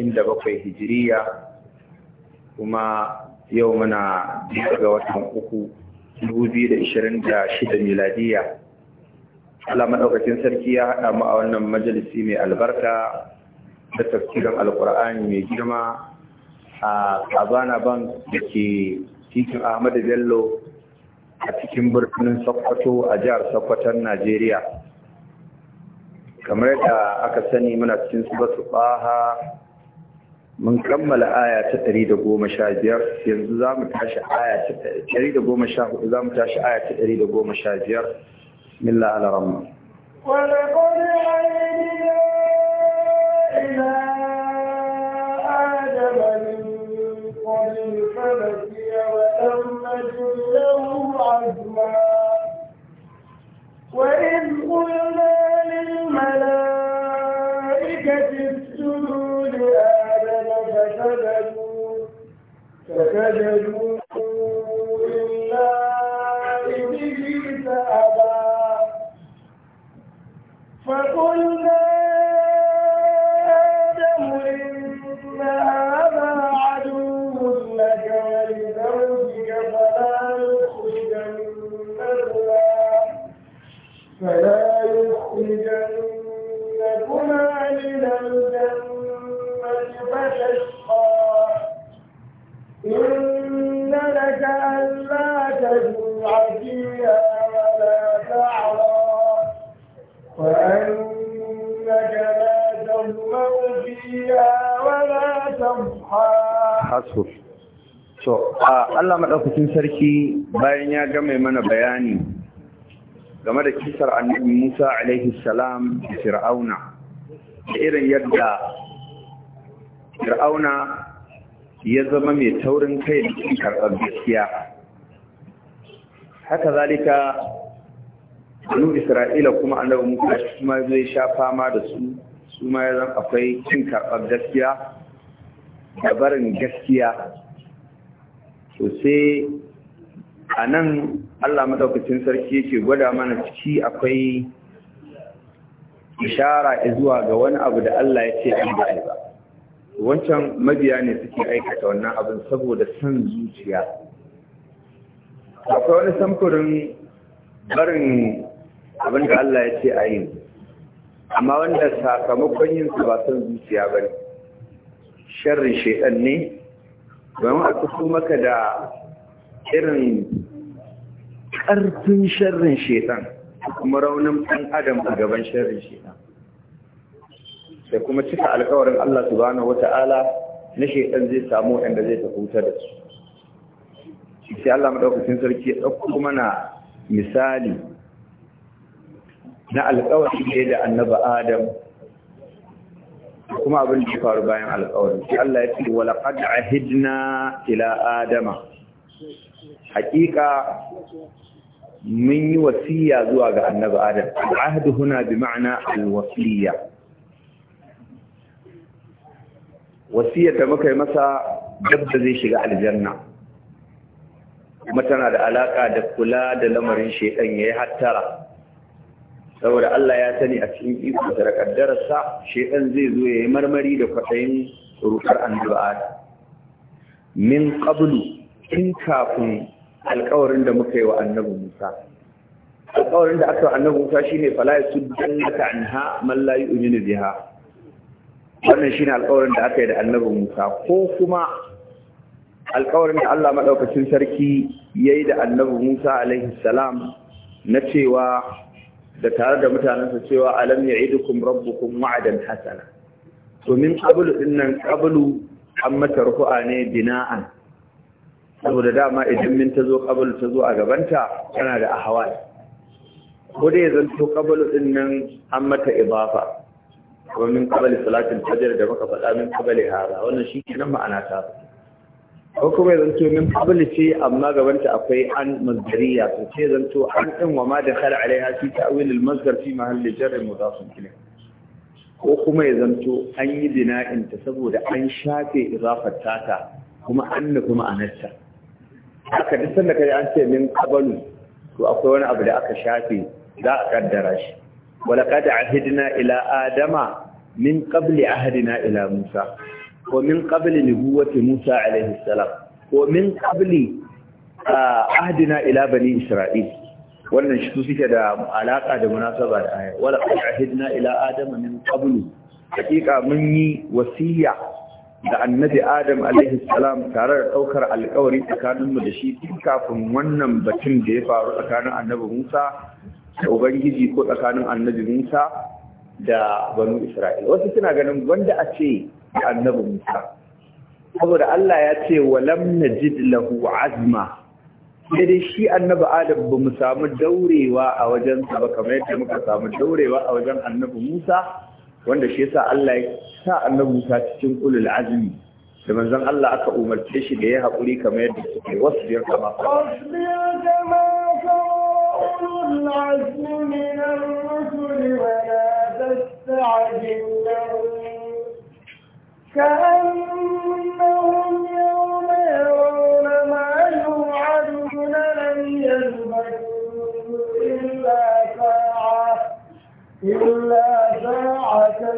inda bakwai hijiriya kuma yau muna bisa ga watan uku 2026 miladiya Allah maɗaukacin sarki ya haɗa mu a wannan majalisi mai albarka da tafsirin alkur'ani mai girma a kabana bank da ke titin ahmadu bello a cikin birnin sokoto a jihar sokoton najeriya kamar yadda aka sani muna cikin su su baha من كمل آية تريد قوم شاجر ينزام تعش آية تريد قوم شاجر ينزام تعش آية تريد قوم شاجر من الله على رمى ولقد عيدنا إلى آدم من قبل له عزما وإذ قلنا كذبوا tahassus to Allah madaukakin sarki bayan ya gama mana bayani game da kisar annabi Musa alaihi salam da Fir'auna da irin yadda Fir'auna ya zama mai taurin kai da karɓar gaskiya haka zalika Banu Isra'ila kuma annabi Musa shi zai sha fama da su su ma ya akwai cin karɓar gaskiya da barin gaskiya to sai a nan Allah maɗaukacin sarki yake gwada mana ciki akwai ishara zuwa ga wani abu da Allah ya ce an ba ba wancan mabiya ne suke aikata wannan abin saboda son zuciya akwai wani samfurin barin abin da Allah ya ce a yi amma wanda sakamakon yin su ba son zuciya ba ne sharrin shaidan ne don a kusur maka da irin ƙarfin sharrin shaidan kuma raunin ɗan adam a gaban sharrin shaidan Sai kuma cika alkawarin Allah subhanahu wata'ala na shaidan zai samu yadda zai tafuta da su sai Allah maɗaukacin sarki ya ɗauko mana misali na alkawari da annaba Adam kuma abin da ya faru bayan alƙawari shi Allah ya ce wa ahidna ila adama haƙiƙa mun yi wasiya zuwa ga annabi adam ahdu huna bi ma'ana al-wasiya da muka yi masa duk da zai shiga aljanna kuma tana da alaka da kula da lamarin shedan yayi hattara saboda Allah ya sani a cikin iko da kaddararsa shedan zai zo yayi marmari da kwatayin rukar annabi Adam min qablu tun kafin alƙawarin da muka yi wa annabi Musa alƙawarin da aka yi wa annabi Musa shine fala yasuddannaka anha man la yu'minu biha wannan shine alƙawarin da aka yi da annabi Musa ko kuma alƙawarin da Allah maɗaukacin sarki ya yi da annabi Musa alaihi salam na cewa da tare da mutanensa cewa alam ya ya'idukum rabbukum wa'dan hasana Domin min qablu nan qablu an mata rufu'a ne bina'an saboda dama idan min ta tazo qablu tazo a gabanta tana da a ahwal ko dai zanto qablu nan an mata ibafa kuma min qabli salatin fajr da muka faɗa min qabli hara wannan shi ke nan ma'ana ta ko kuma ya zanto min qabli ce amma gabanta akwai an masdariya to ce zanto an din wa ma dakhala alaiha fi ta'wil al-masdar fi mahalli jar mudaf ilayh ko kuma ya zanto an yi bina'in ta saboda an shafe idafar tata kuma an na kuma ma'anarta haka duk sanda kai an ce min qabalu to akwai wani abu da aka shafe za a kaddara shi walaqad ahidna ila adama min qabli ahadina ila musa ko min qabli nubuwati Musa alayhi salam ko min qabli ahdina ila bani Isra'il wannan shi suke da alaka da munasaba da aya wala qad ila adama min qablu hakika mun yi wasiya da annabi Adam alayhi salam tare da daukar alƙawari tsakaninmu da shi tun kafin wannan batun da ya faru tsakanin annabi Musa da Ubangiji ko tsakanin annabi Musa da banu Isra'il. Wasu suna ganin wanda a ce da annabi Musa saboda Allah ya ce walam najid lahu azma sai dai shi annabi Adam ba mu samu daurewa a wajen sa ba kamar yadda muka samu daurewa a wajen annabi Musa wanda shi yasa Allah ya sa annabi Musa cikin ulul azmi da manzon Allah aka umarce shi da ya haƙuri kamar yadda suke wasbir kama من الرسل ولا تستعجل لهم كأنهم يوم يرون ما يوعدون لن يلبثوا إلا ساعة إلا ساعة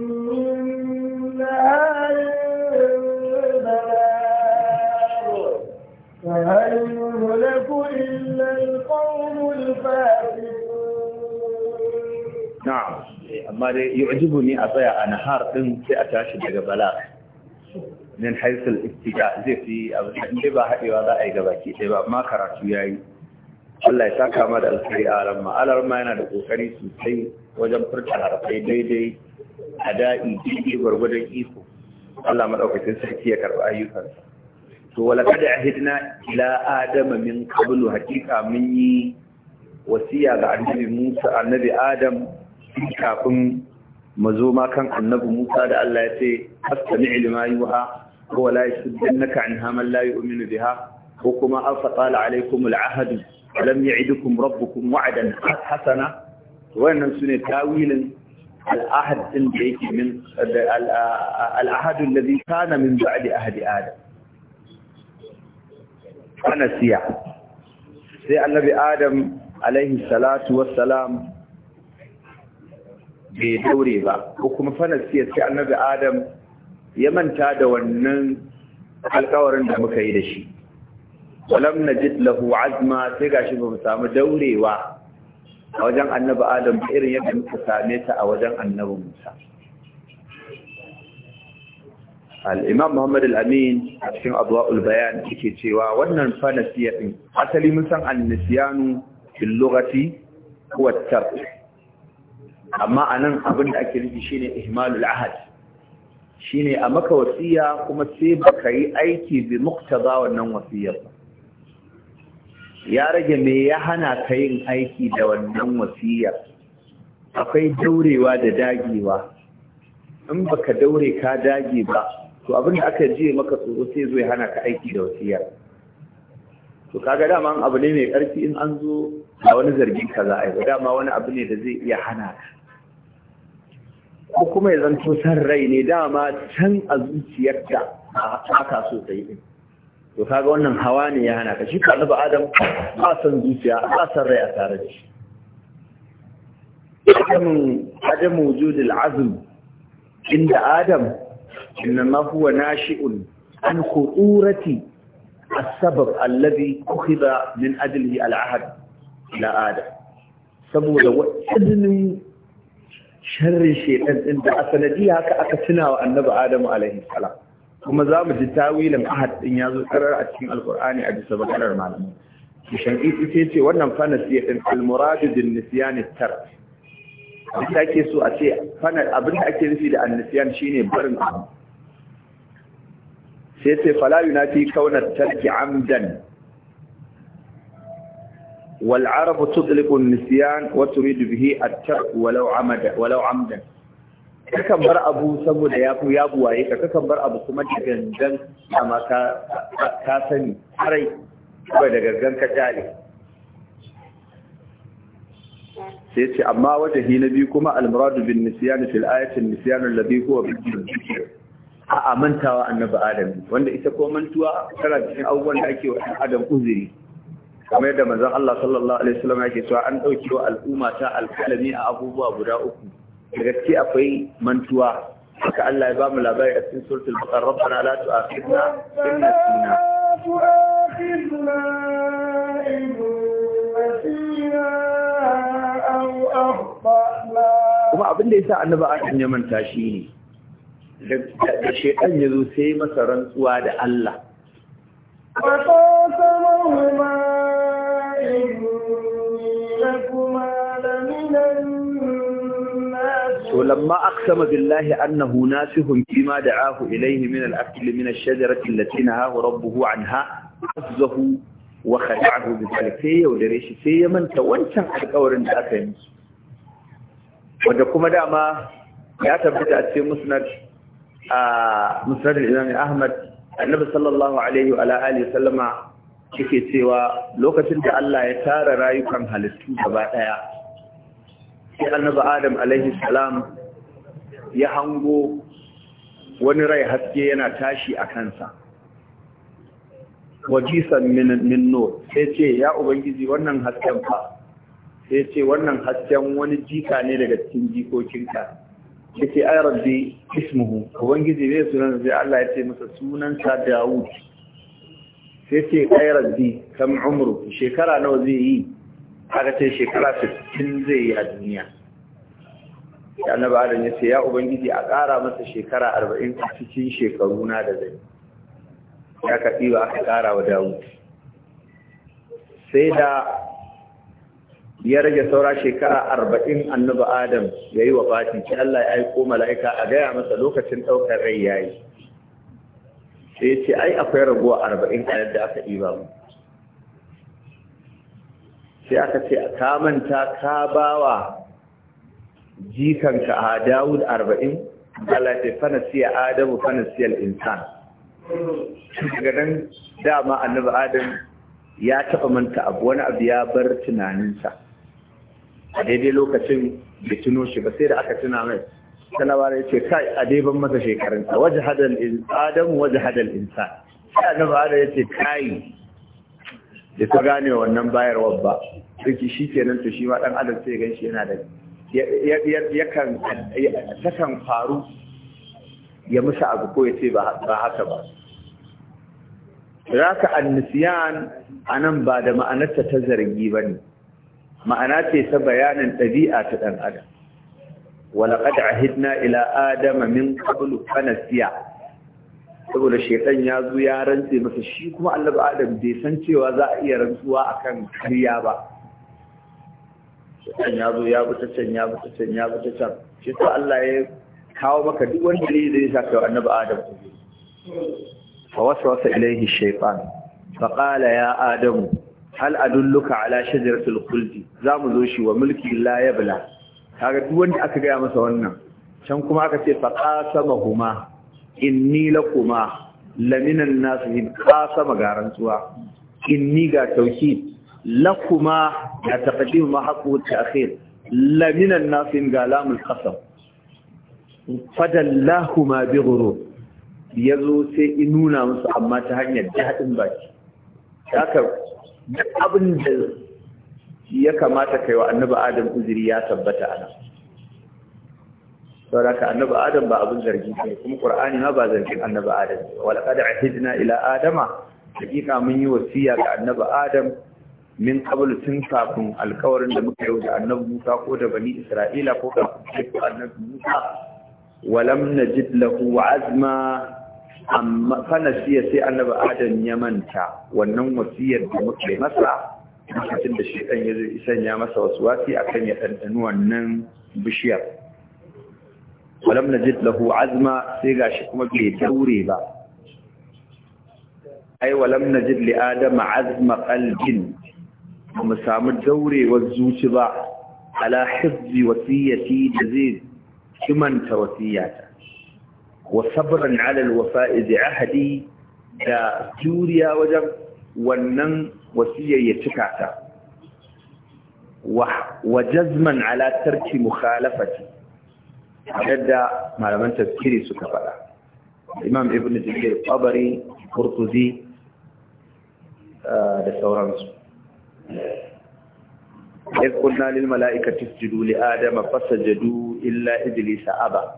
من نهار بلاغ فهل يهلك إلا القوم الفاسقون نعم amma dai yu'jibu ni a tsaya a nahar ɗin sai a tashi daga bala min haisul iftida zai fi abu da ba haɗewa za a yi gabaki ɗaya ba amma karatu yayi Allah ya saka ma da alkhairi a alar alarma yana da kokari sosai wajen furta harafai daidai a da'i daidai gwargwadon iko Allah maɗaukacin sarki ya karɓi ayyukansa to wala kada ahidna ila adama min kabulu hakika mun yi wasiya ga annabi Musa annabi Adam kafin mu zo ma kan annabi Musa da Allah ya ce astami lima yuha wa la yasuddannaka anha man la yu'minu biha ko kuma afatala alaikum al'ahadu lam ya'idukum rabbukum wa'dan hasana wannan sune tawilin al'ahad din da yake min al'ahadu alladhi kana min ba'di ahdi adam ana siya sai annabi adam alaihi salatu wassalam bai daure ba ko kuma siya ce annabi adam ya manta da wannan alkawarin da muka yi da shi walam najid lahu azma sai ga shi ba mu samu daurewa a wajen annabi adam irin yadda muka same ta a wajen annabi musa al'imam Muhammad al'amin a cikin abuwa'ul bayan yake cewa wannan siya ɗin asali mun san annisiyanu fil lokaci kuwa tarfi amma a nan abin da ake nufi shine ihmalul ahad shine a maka wasiya kuma sai baka yi aiki bi muktaba wannan wasiyar ya rage me ya hana ka yin aiki da wannan wasiyar akwai daurewa da dagewa in baka daure ka dage ba to abin da aka je maka tsoro sai zo hana ka aiki da wasiyar to kaga dama abu ne mai karfi in an zo a wani zargin ka za a yi ba dama wani abu ne da zai iya hana ka ko kuma ya zanto san rai ne dama can a a haka so ta yi to kaga wannan hawa ne ya hana ka shi ka adam ba san zuciya ba san rai a tare da shi Adamu adam wujudul azm inda adam innama huwa nashi'un an khuturati السبب الذي أخذ من أجله العهد إلى آدم سبب وإذن sharrin shaitan din da a sanadiyya haka aka tuna wa annabi adamu alaihi salam kuma za mu ji tawilin ahad din ya zo karar a cikin alqur'ani a bisa bakarar malamai shanqiti sai ce wannan Fana nasiya din al-murad bin nisyan at ake so a ce fana abinda ake nufi da annisiyan shine barin abu sai ce fala yunati kaunat tarki amdan والعرب تطلق النسيان وتريد به الترك ولو عمد ولو عمدا kakan bar abu saboda ya ku ya buwaye ka kakan bar abu kuma da gangan amma ka sani harai kuma da gangan ka jale sai ce amma wajahi na biyu kuma almuradu bin nisyan fil ayatin nisyan alladhi huwa bil dhikr a amantawa annabi adam wanda ita ko mantuwa tana cikin abubuwan da ake wa adam uzuri kamar yadda manzon Allah sallallahu alaihi wasallam yake cewa an dauki wa al'umma ta alkalami a abubuwa guda uku daga ciki akwai mantuwa haka Allah ya bamu mu labari a cikin suratul baqara rabbana la tu'akhidna in nasina tu'akhidna in nasina aw akhtana kuma abin da yasa annabi Adam ya manta shi ne da shedan ya zo sai masa rantsuwa da Allah wa qasamahuma فلما أقسم بالله أنه ناسه فيما دعاه إليه من الأكل من الشجرة التي نهاه ربه عنها عزه وخدعه بذلك سي ودريش سي من تونسا الكور الأكل wanda kuma dama ya tabbata a cikin musnad a musnad al-Imam Ahmad sallallahu alaihi wa alihi sallama yake cewa lokacin da Allah ya tara rayukan halittu gaba daya sai Adam salam ya hango wani rai haske yana tashi a kansa wajisan min nur sai ce ya ubangiji wannan hasken fa sai ce wannan hasken wani jika ne daga cikin jikokinka ya ce ai rabbi ismuhu ubangiji ne sunan sai Allah ya ce masa sunansa Dawud sai ce ai rabbi kam umru shekara nawa zai yi aka ce shekara 60 zai yi a duniya ya na adam ya ce ya ubangiji a ƙara masa shekara arba'in a cikin shekaru na da zai ya ka ba aka ƙara wa dawo sai da ya rage saura shekara arba'in annaba adam ya yi wa fati ki Allah ya aiko mala'ika a gaya masa lokacin ɗaukar rai ya yi sai ce ai akwai raguwa arba'in a yadda aka ɗiba mu sai aka ce a manta ka bawa jikanka a Dawud arba'in Allah ce fanasiya Adamu fanasiyal insan daga nan dama annabi Adam ya taɓa manta abu wani abu ya bar tunaninsa a daidai lokacin da tuno shi ba sai da aka tuna mai talabara ya ce kai a daiban masa shekarunsa waje hadal adamu waje hadal insan sai annabi adam ya ce kai da ta gane wannan bayarwar ba sai shi kenan to shi ma dan adam sai gan shi yana da yakan takan faru ya musu abu ko ya ce ba haka ba raka annisiyan a nan ba da ma'anarta ta zargi ba ne ma'ana ce ta bayanin ɗabi'a ta ɗan adam walaƙad ahidna ila adama min qablu fanasiya saboda shekan ya zo ya rantse masa shi kuma Allah adam bai san cewa za a iya rantsuwa akan karya ba shaitan ya zo ya bi can ya bi can ya bi can shi to Allah ya kawo maka duk wanda ne zai zai saka annabi Adam fa waswasa ilayhi shaytan fa qala ya adam hal adulluka ala shajaratil khuld mu zo shi wa mulki la yabla kaga duk wanda aka gaya masa wannan can kuma aka ce fa qasamahuma inni lakuma laminan nasihin qasama garantuwa inni ga tauhid lakuma ya taqdim ma haqqu ta'khir la min an-nas ga lamul qasam fadallahuma bi Ya zo sai in nuna musu amma ta hanyar dadin baki haka duk abin da ya kamata kai wa annabi adam uzuri ya tabbata ana saboda ka annaba adam ba abin zargi ne kuma qur'ani ma ba zargin annaba adam Walaƙa da ahidina ila adama hakika mun yi wasiya ga annaba adam min qablu tun kafin alkawarin da muka yi da annabi Musa ko da bani Isra'ila ko kafin annabi Musa walam najid lahu azma amma fa nasiya sai annabi Adam ya manta wannan wasiyar da muka yi masa lokacin da shekan ya zo isanya masa wasu wasi akan ya ɗanɗani wannan bishiyar walam najid lahu azma sai gashi kuma bai daure ba ai walam najid li adama azma qalbin ba mu samu daurewar zuci ba ala hifzi wasiyati da zai kimanta wasiyata wa sabran ala alwafa'i bi ahdi da juriya wajen wannan wasiyar ya cika ta wa jazman ala tarki mukhalafati yadda malaman tafsiri suka faɗa imam ibn jarir qabari qurtuzi eh, da sauransu إذ قلنا للملائكة تسجدوا لآدم فسجدوا إلا إبليس أبى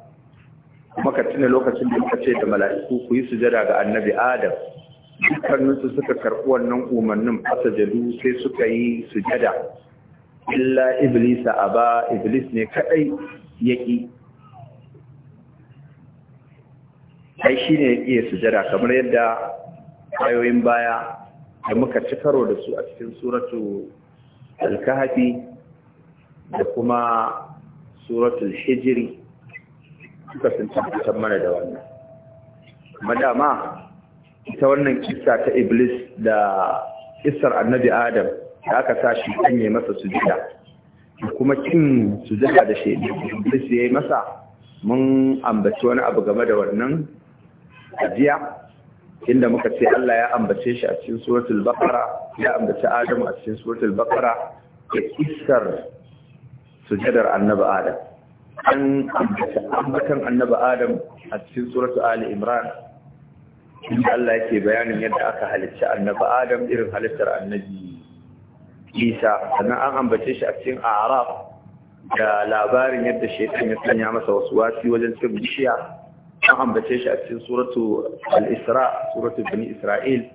kuma ka tuna lokacin da muka ce da mala'iku ku yi sujada ga annabi Adam dukkaninsu suka karɓi wannan umarnin fasajadu sai suka yi sujada illa iblisa aba iblis ne kadai yaki ai shine yake sujada kamar yadda ayoyin baya da muka ci karo da su a cikin suratu alkahafi da kuma suratul hijiri suka sun tabbatar mana da wannan madama ita wannan kissa ta iblis da kissar annabi adam da aka sa shi an yi masa sujada kuma kin sujuda da shi iblis ya yi masa mun ambaci wani abu game da wannan ajiya inda muka ce Allah ya ambace shi a cikin suratul baqara ya ambace Adam a cikin suratul baqara ya isar sujadar annabi Adam an ambace ambatan annabi Adam a cikin suratul Ali Imran inda Allah yake bayanin yadda aka halicci annabi Adam irin halittar annabi Isa sannan an ambace shi a cikin A'raf da labarin yadda shaitan ya sanya masa wasu wasi wajen cin bishiya an ambace shi a cikin suratu al-isra suratu bani isra'il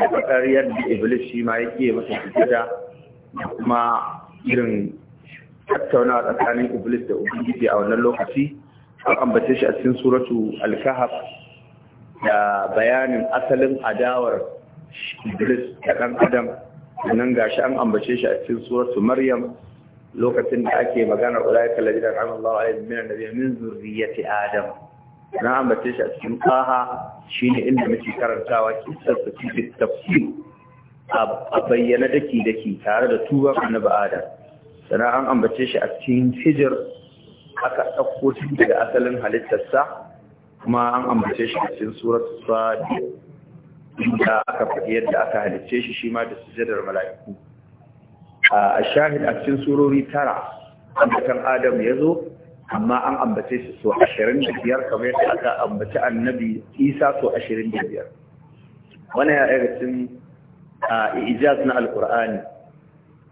da fakar yadda iblis shi ma yake masa sujada da kuma irin tattaunawa tsakanin iblis da ubangiji a wannan lokaci an ambace shi a cikin suratu al-kahf da bayanin asalin adawar iblis da dan adam nan gashi an ambace shi a cikin suratu maryam lokacin da ake maganar ulaika ladina anallahu alaihim min annabiyyin min zurriyyati adam na ambace shi a cikin shi shine inda muke karantawa kisar su fi tafsir a bayyana daki daki tare da tuba na ba'ada. sannan an ambace shi a cikin hijir aka ɗauko shi daga asalin halittarsa kuma an ambace shi a cikin surat sadi inda aka faɗi yadda aka halicce shi shi ma da sujadar mala'iku a shahid a cikin surori tara an adam ya zo amma an ambace shi so 25 kamar yadda aka ambaci annabi isa so 25 Wani ya daga cikin ijaz na alkur'ani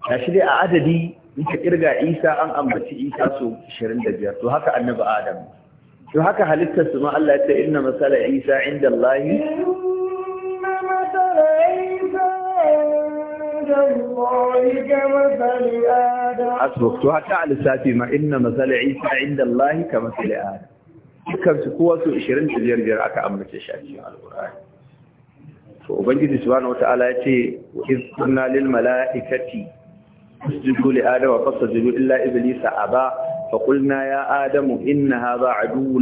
ta shi dai a adadi muka kirga isa an ambaci isa so 25 to haka annabi adam to haka halittar su ma Allah ya ce inna masala isa inda Allah asbuk to hatta a lissafi ma inna masala isa inda Allah ka masala adam dukkan su kowa su 25 aka ambace shi a ubangiji subhanahu wataala ya ce iz kunna lil malaikati isjudu li adama fasjudu illa iblisa aba فقلنا يا آدم إن هذا عدو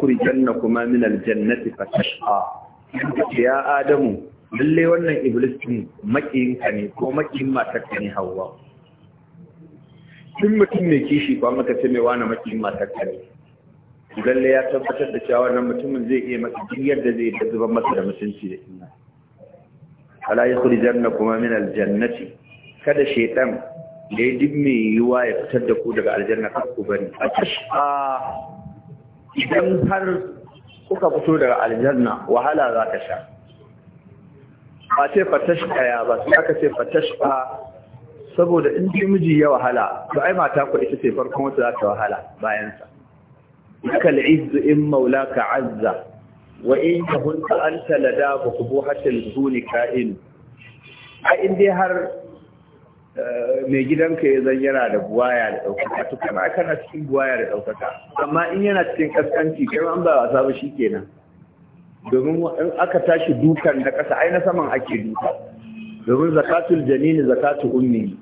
kuri janna kuma min aljannati الجنة فتشقى يا Adamu. lalle wannan iblis din makiyinka ne ko makiyin matarka ne hawa tun mutum mai kishi ba maka ce mai wani makiyin matarka ne lalle ya tabbatar da cewa wannan mutumin zai iya maka duk yadda zai da zuban masa da mutunci da ina ala ya janna kuma min aljannati kada shaytan da ya duk mai yiwa ya fitar da ku daga aljanna kar ku bari a idan har kuka fito daga aljanna wahala za ka sha ba ce fatashkaya ba sai aka ce ba saboda in ji miji ya wahala to ai mata ku ita ce farkon wata za ta wahala bayan sa kal izzu in maulaka azza wa in kunta anta lada buhuhatil zuni ka'in a in dai har eh, mai gidanka ya zan yana da buwaya da ɗaukaka to kana kana cikin buwaya da ɗaukaka amma in yana cikin kaskanci kai an ba wasa ba kenan. domin in aka tashi dukan da ƙasa ai na saman ake duka domin zakatul janini zakatu ummi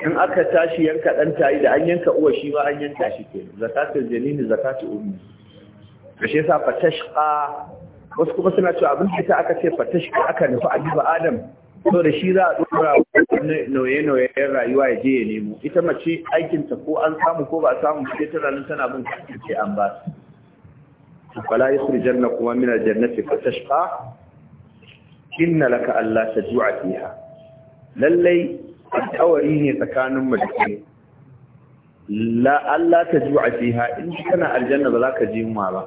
in aka tashi yanka dan tayi da an yanka uwa shi ba an yanka shi ke zakatul janini zakatu ummi to shi yasa fatashqa wasu kuma suna cewa abin da aka ce fatashqa aka nufi ajiba adam to da shi za a dora noye noye rayuwa ya je ya nemo ita mace aikinta ko an samu ko ba a samu ce ta ranar tana bin ce an ba fala yukhrijannakum min al-jannati fatashqa inna laka alla tajua fiha lallai alƙawari ne tsakanin mu da kai la alla tajua fiha in kana aljanna ba za ka ji yunwa ba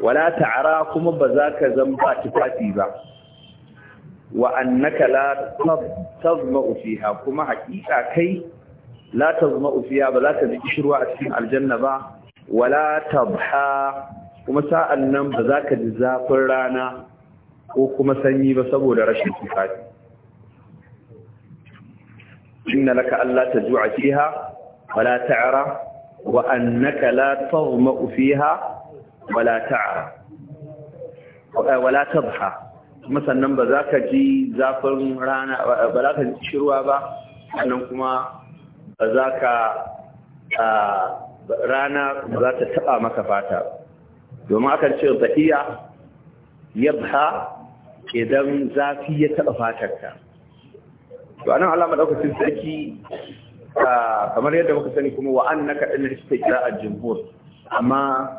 wala ta'ara kuma ba za ka zamba tufafi ba wa annaka la tazma'u kuma haƙiƙa kai la tazma'u ba za ka ji shiru a cikin aljanna ba wala kuma sa'an nan ba za ka ji zafin rana ko kuma sanyi ba saboda rashin tufafi inna laka Allah ta ju'a fiha wala ta'ara wa annaka la tazma'u fiha wala ta'ara wala tadha kuma sannan ba za ka ji zafin rana ba za ka ji shirwa ba sannan kuma ba za ka rana ba za ta taɓa maka fata ba domin akan ce ya yabha idan zafi ya taɓa fatarka to anan Allah madaukakin sarki kamar yadda muka sani kuma wa annaka din rike a jumhur amma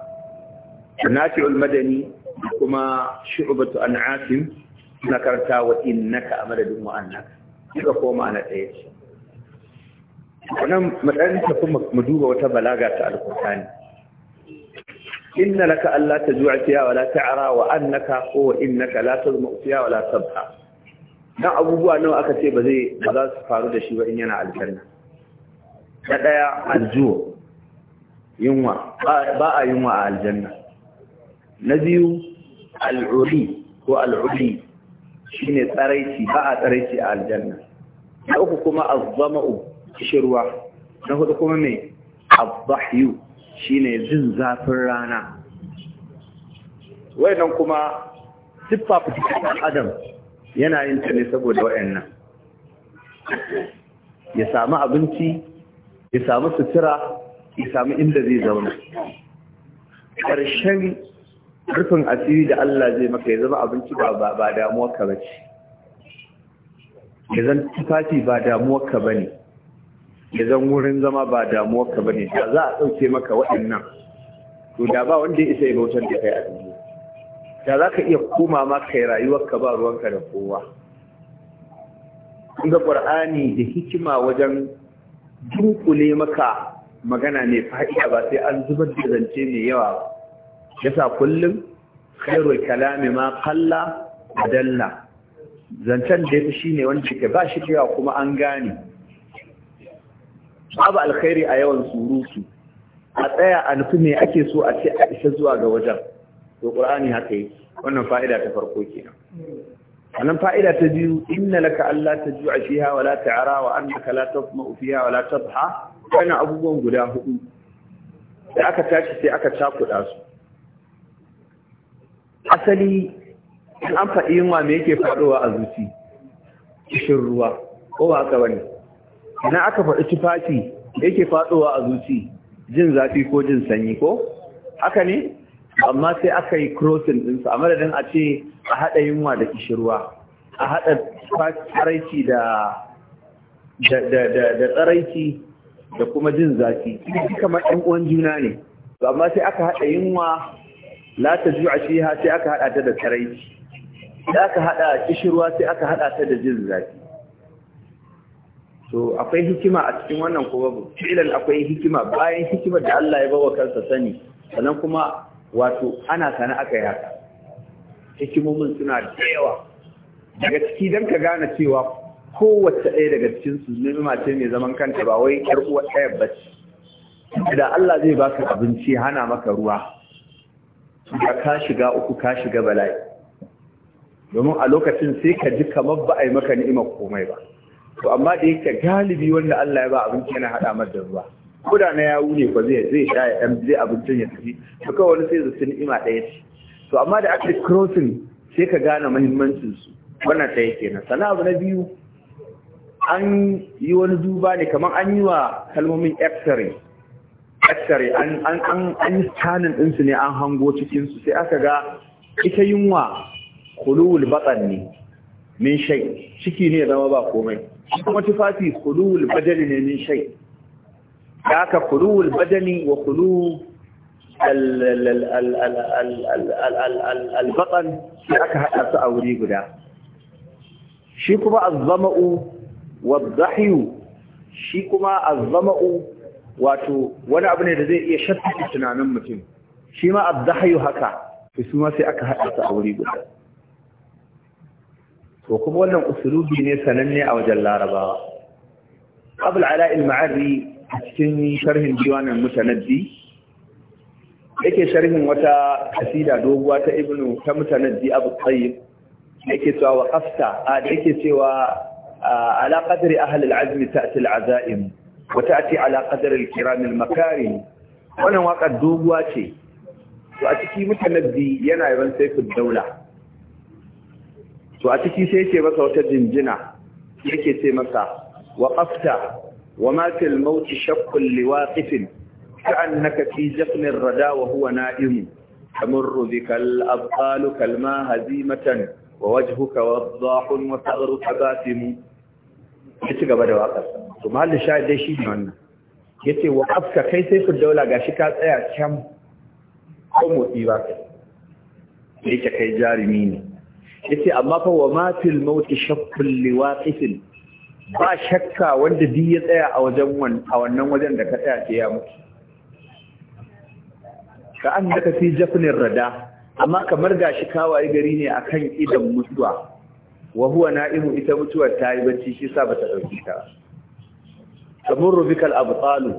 na ce nafi'ul madani kuma shu'batu an asim na karta wa innaka a madadin wa annaka duka ko na ɗaya ce wannan mu ta kuma mu duba wata balaga ta alkur'ani inna laka alla tajua fiha wala ta'ra wa annaka ko innaka la wala tabha dan abubuwa nawa aka ce ba zai ba za su faru da shi ba in yana aljanna na ɗaya aljuwa yunwa ba a yunwa a aljanna na biyu al'uri ko al'uri shine tsaraici ba a tsaraici a aljanna na uku kuma azzama'u kishirwa na hudu kuma mai abdahyu shine jin zafin rana wayannan kuma siffa fitikin adam yana yin ta ne saboda wayannan ya samu abinci ya samu sutura ya samu inda zai zauna ƙarshen rufin asiri da Allah zai maka ya zama abinci ba damuwa ka bace ya zan tufafi ba damuwa ka bane ya zan wurin zama ba damuwar ka bane da za a ɗauke maka waɗannan to da ba wanda ya isa ya bautar da kai a duniya da za ka iya koma maka kai rayuwar ka ba ruwanka da kowa kun ga da hikima wajen dunkule maka magana mai fa'ida ba sai an zubar da zance mai yawa yasa kullum khairul kalami ma qalla dalla zancen da shi ne wanda ke ba shi kuma an gane babu alkhairi a yawan surutu a tsaya a nufi mai ake so a ce a isa zuwa ga wajen to qur'ani haka yi wannan fa'ida ta farko kenan Wannan fa'ida ta biyu inna laka alla tajua fiha wa la ta'ara wa annaka la tasma'u fiha wa la tadha kana abubuwan guda hudu da aka tashi sai aka cakuda su asali an faɗi yunwa me yake faɗowa a zuci kishin ruwa ko ba haka bane idan aka faɗi tufafi yake faɗowa a zuci jin zafi ko jin sanyi ko haka ne amma sai aka yi crossing ɗinsu a madadin a ce a haɗa yunwa da kishirwa a haɗa tsaraici da tsaraici da kuma jin zafi kamar ɗan uwan juna ne amma sai aka haɗa yunwa la ta ju'a fiha sai aka haɗa ta da tsaraici sai aka haɗa kishirwa sai aka haɗa ta da jin zafi to akwai hikima a cikin wannan ko babu filan akwai hikima bayan hikimar da Allah ya bawa kansa sani sannan kuma wato ana sana aka yi haka hikimomin suna da yawa daga ciki dan ka gane cewa kowace ɗaya daga cikin su nima ce mai zaman kanta ba wai ƴar uwa ɗaya ba ce da Allah zai baka abinci hana maka ruwa ka ka shiga uku ka shiga bala'i domin a lokacin sai ka ji kamar ba a yi maka ni'imar komai ba to amma da yake galibi wanda Allah ya ba abinci yana hada mar da ruwa koda na yawu ne ko zai zai sha ya zai abinci ya tafi to kawai wani sai zuci ni'ima ɗaya ce to amma da aka crossing sai ka gane muhimmancin su wannan ta yake na sana abu na biyu an yi wani duba ne kamar an yi wa kalmomin x-ray x-ray an an an yi scanning din su ne an hango cikin su sai aka ga ita yunwa kulul batsan ne min shai ciki ne zama ba komai kuma tufafi kuluwul badani ne min shai da aka kuluwul badani wa kulu albaɗan da aka haɗa su a wuri guda shi kuma azzama'u wa zahiyu shi kuma azzama'u wato wani abu ne da zai iya shafi tunanin mutum shi ma azzahiyu haka su ma sai aka haɗa su a wuri guda to kuma wannan usulubi ne sananne a wajen larabawa abul ala'il al-ma'arri a cikin sharhin diwanin mutanaddi yake sharhin wata kasida doguwa ta ibnu ta mutanaddi abu tsayyib yake cewa wa hafsa a da yake cewa ala qadri ahli al-azm ta'ti al-azaim wa ta'ti ala qadri al-kiram al-makarim wannan waka doguwa ce to a ciki mutanaddi yana yawan saifin daula to a ciki sai yake masa wata jinjina yake ce masa waqafta wama fil mawt shaqqul liwaqif ka'annaka fi jafnir rada wa huwa na'im tamurru bikal abqalu kalma hazimatan wa wajhuka wadahun wa sadruka batim ci gaba da waƙar to mahallin sha dai shi ne wannan yace waqafta kai sai ku daula gashi ka tsaya can ko motsi ba kai yake kai jarumi ne yace amma fa wa ma fil mawt shakkul liwaqifin ba shakka wanda duk ya tsaya a wajen a wannan wajen da ka tsaya ke ya mutu ka an da ka fi jafnin rada amma kamar gashi kawai gari ne akan idan mutuwa wa huwa na'imu ita mutuwar ta yi bacci shi sa bata dauki ta kamar rubikal abtalu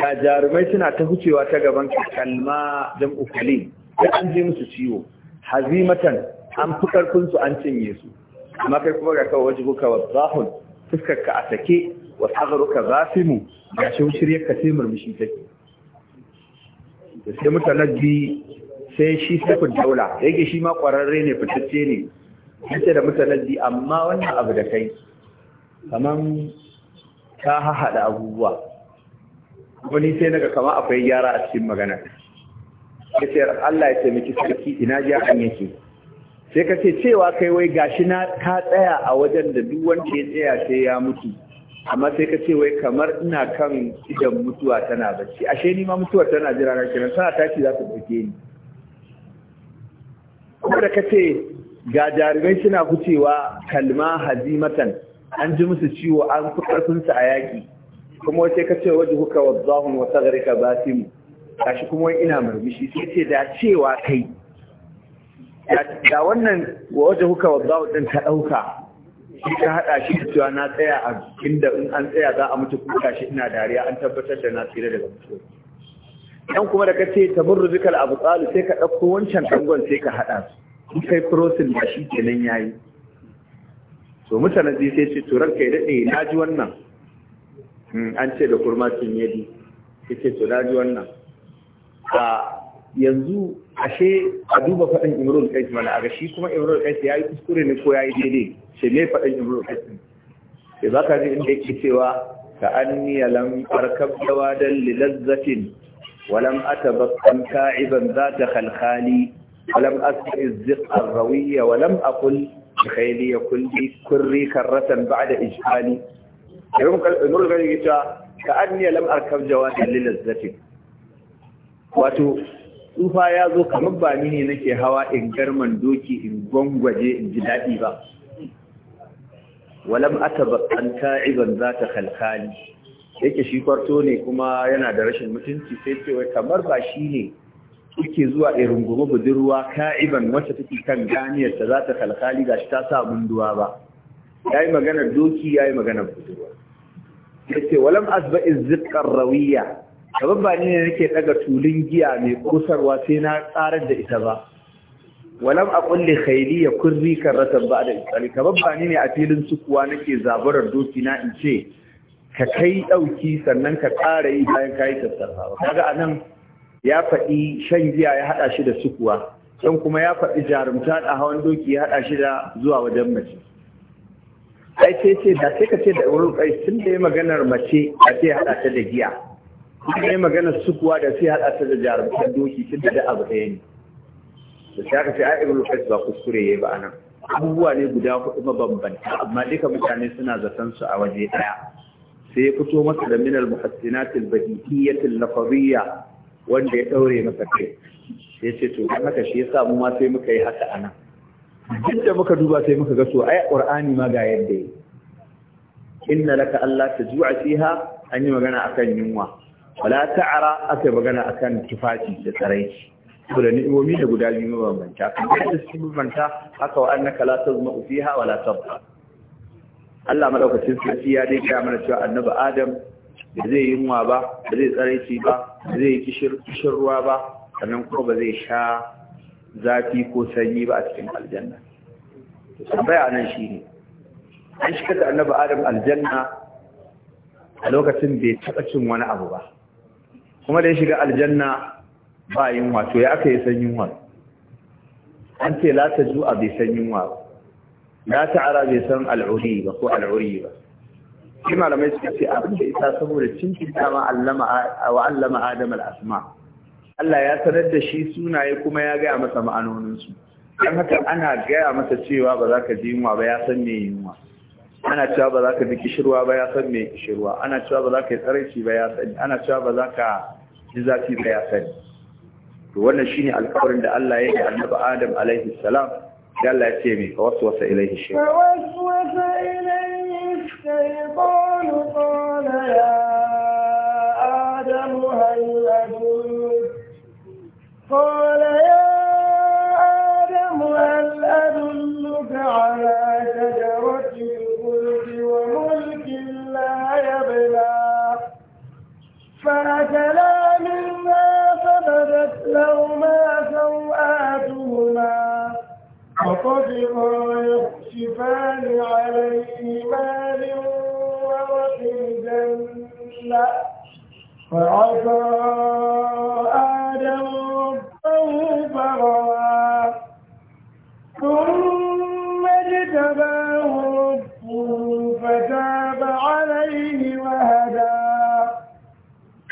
ga jarumai suna ta hucewa ta gaban kalma jam'u kalin sai an je musu ciwo hazimatan an fi karfin su an cinye su amma kai kuma ga kawai waje kuka wa zahun fuskar ka a sake wa fi mu ga shi shirya ka sai murmushi ke? da sai mutanen bi sai shi sifin daula yake shi ma kwararre ne fitacce ne yace da mutanen bi amma wannan abu da kai Kamar ta haɗa abubuwa wani sai naga kama akwai gyara a cikin magana ya Allah ya taimaki sarki ina ji hakan yake sai ka ce cewa kai wai gashi na ka tsaya a wajen da duk wanda ya tsaya sai ya mutu amma sai ka ce wai kamar ina kan idan mutuwa tana bacci ashe ni ma mutuwa tana jira na tana tashi za ta dauke ni kuma da ka ce ga jarumai suna kucewa kalma hazimatan an ji musu ciwo an fi ƙarfinsu a yaƙi kuma sai ka ce waje huka wa zahun wata gari ka basimu gashi kuma ina murmushi sai ce da cewa kai da wannan waje huka wadda din ka ɗauka shi ka haɗa shi da cewa na tsaya a da in an tsaya za a mutu kuka shi ina dariya an tabbatar da na tsira daga mutu dan kuma da kace tabarru zikal abu qalu sai ka ɗauko wancan dangon sai ka haɗa su kai prosin ba shi kenan yayi to mutane zai sai ce to ranka ya dade na ji wannan hmm, an ce da kurma sun yadi sai ce to na ji wannan a yanzu ashe a duba faɗin imrul qais mana a ga shi kuma imrul ya yi kuskure ne ko yayi daidai she me faɗin imrul qais ne sai zaka ji inda yake cewa ka anni lam arkab jawadan li lazzatin ولم أتبطن كاعبا ذات خلخالي ولم أسمع الزق الروية ولم أقل بخيلي كلي كري كرة بعد إجهالي يوم نور الغيث كأني لم أركب جواد للذة واتو tsufa ya zo kamar ba ni ne nake hawa in garman doki in gwangwaje in ji daɗi ba walam atabaqan za ta kalkali, yake shi kwarto ne kuma yana da rashin mutunci sai ce wai kamar ba shi ne kuke zuwa a rungume budurwa ka'iban wacce take kan ganiyar ta kalkali, ga shi ta sa munduwa ba Ya yi magana doki ya yi magana budurwa Yake walam asba izzqar rawiya gaban ba ni ne nake daga tulun giya mai kusarwa sai na tsarar da ita ba walam a ƙulle khayli ya kurri karratan ba da isali ba ni ne a filin sukuwa nake zabarar doki na in ce ka kai dauki sannan ka tsara yi bayan kayi tattara kaga anan ya faɗi shan giya ya hada shi da sukuwa can kuma ya faɗi jarumta da hawan doki ya hada shi da zuwa wajen mace ai sai ce da sai ka ce da wurin kai tun da ya maganar mace a ce hada ta da giya Kuma yi magana sukuwa da sai haɗa ta da jarumtar doki tun da abu ɗaya ne. Da shi aka ce a Ibn Qais ba kuskure ya yi ba nan? Abubuwa ne guda huɗu mabambanta amma duka mutane suna zaton su a waje ɗaya. Sai ya fito masa da minal muhassinatil badihiyatil lafaziyya wanda ya ɗaure masa kai. Sai ce to kan haka shi yasa samu ma sai muka yi haka anan. Duk da muka duba sai muka ga to ai Qur'ani ma ga yadda yake. inna laka Allah ta ju'a fiha an yi magana akan yunwa wala ara aka magana akan tufafi da tsaraici saboda ni'imomi da guda biyu mabambanta kan da su mabambanta haka wa annaka la tazma'u fiha wala tabqa Allah madaukakin sarki ya dai kira mana cewa annabi Adam ba zai yi yunwa ba ba zai tsaraici ba ba zai yi kishin ruwa ba sannan kuma ba zai sha zafi ko sanyi ba a cikin aljanna tambaya nan shine an shiga da annabi Adam aljanna a lokacin bai taɓa cin wani abu ba kuma da ya shiga aljanna ba yunwa to ya aka yi san yunwa an ce la ta ju'a bai san yunwa la ara bai san al'uri ba ko al'uri ba shi malamai suka ce abin da isa saboda cincin dama wa allama adam al'asma Allah ya sanar da shi sunaye kuma ya gaya masa ma'anoninsu don haka ana gaya masa cewa ba za ka ji yunwa ba ya san me yunwa ana cewa ba za ka ji kishirwa ba ya san me kishirwa ana cewa ba za ka yi tsaraici ba ya sani ana cewa ba za ka ji zafi ba ya sani to wannan shine alƙawarin da Allah ya yi annabi Adam alaihi salam da Allah ya ce mai ka wasu wasa ilaihi shi ka wasu wasa ilaihi shaytanu qala ya Adam hal adulluka qala ya Adam hal adulluka ala فأكلا منها فبدت لهما سوآتهما وطفقا يخشفان عليهما من ورق الجنة فعصى آدم ربه فغوى ثم اجتباه ربه فتاب عليه وهداه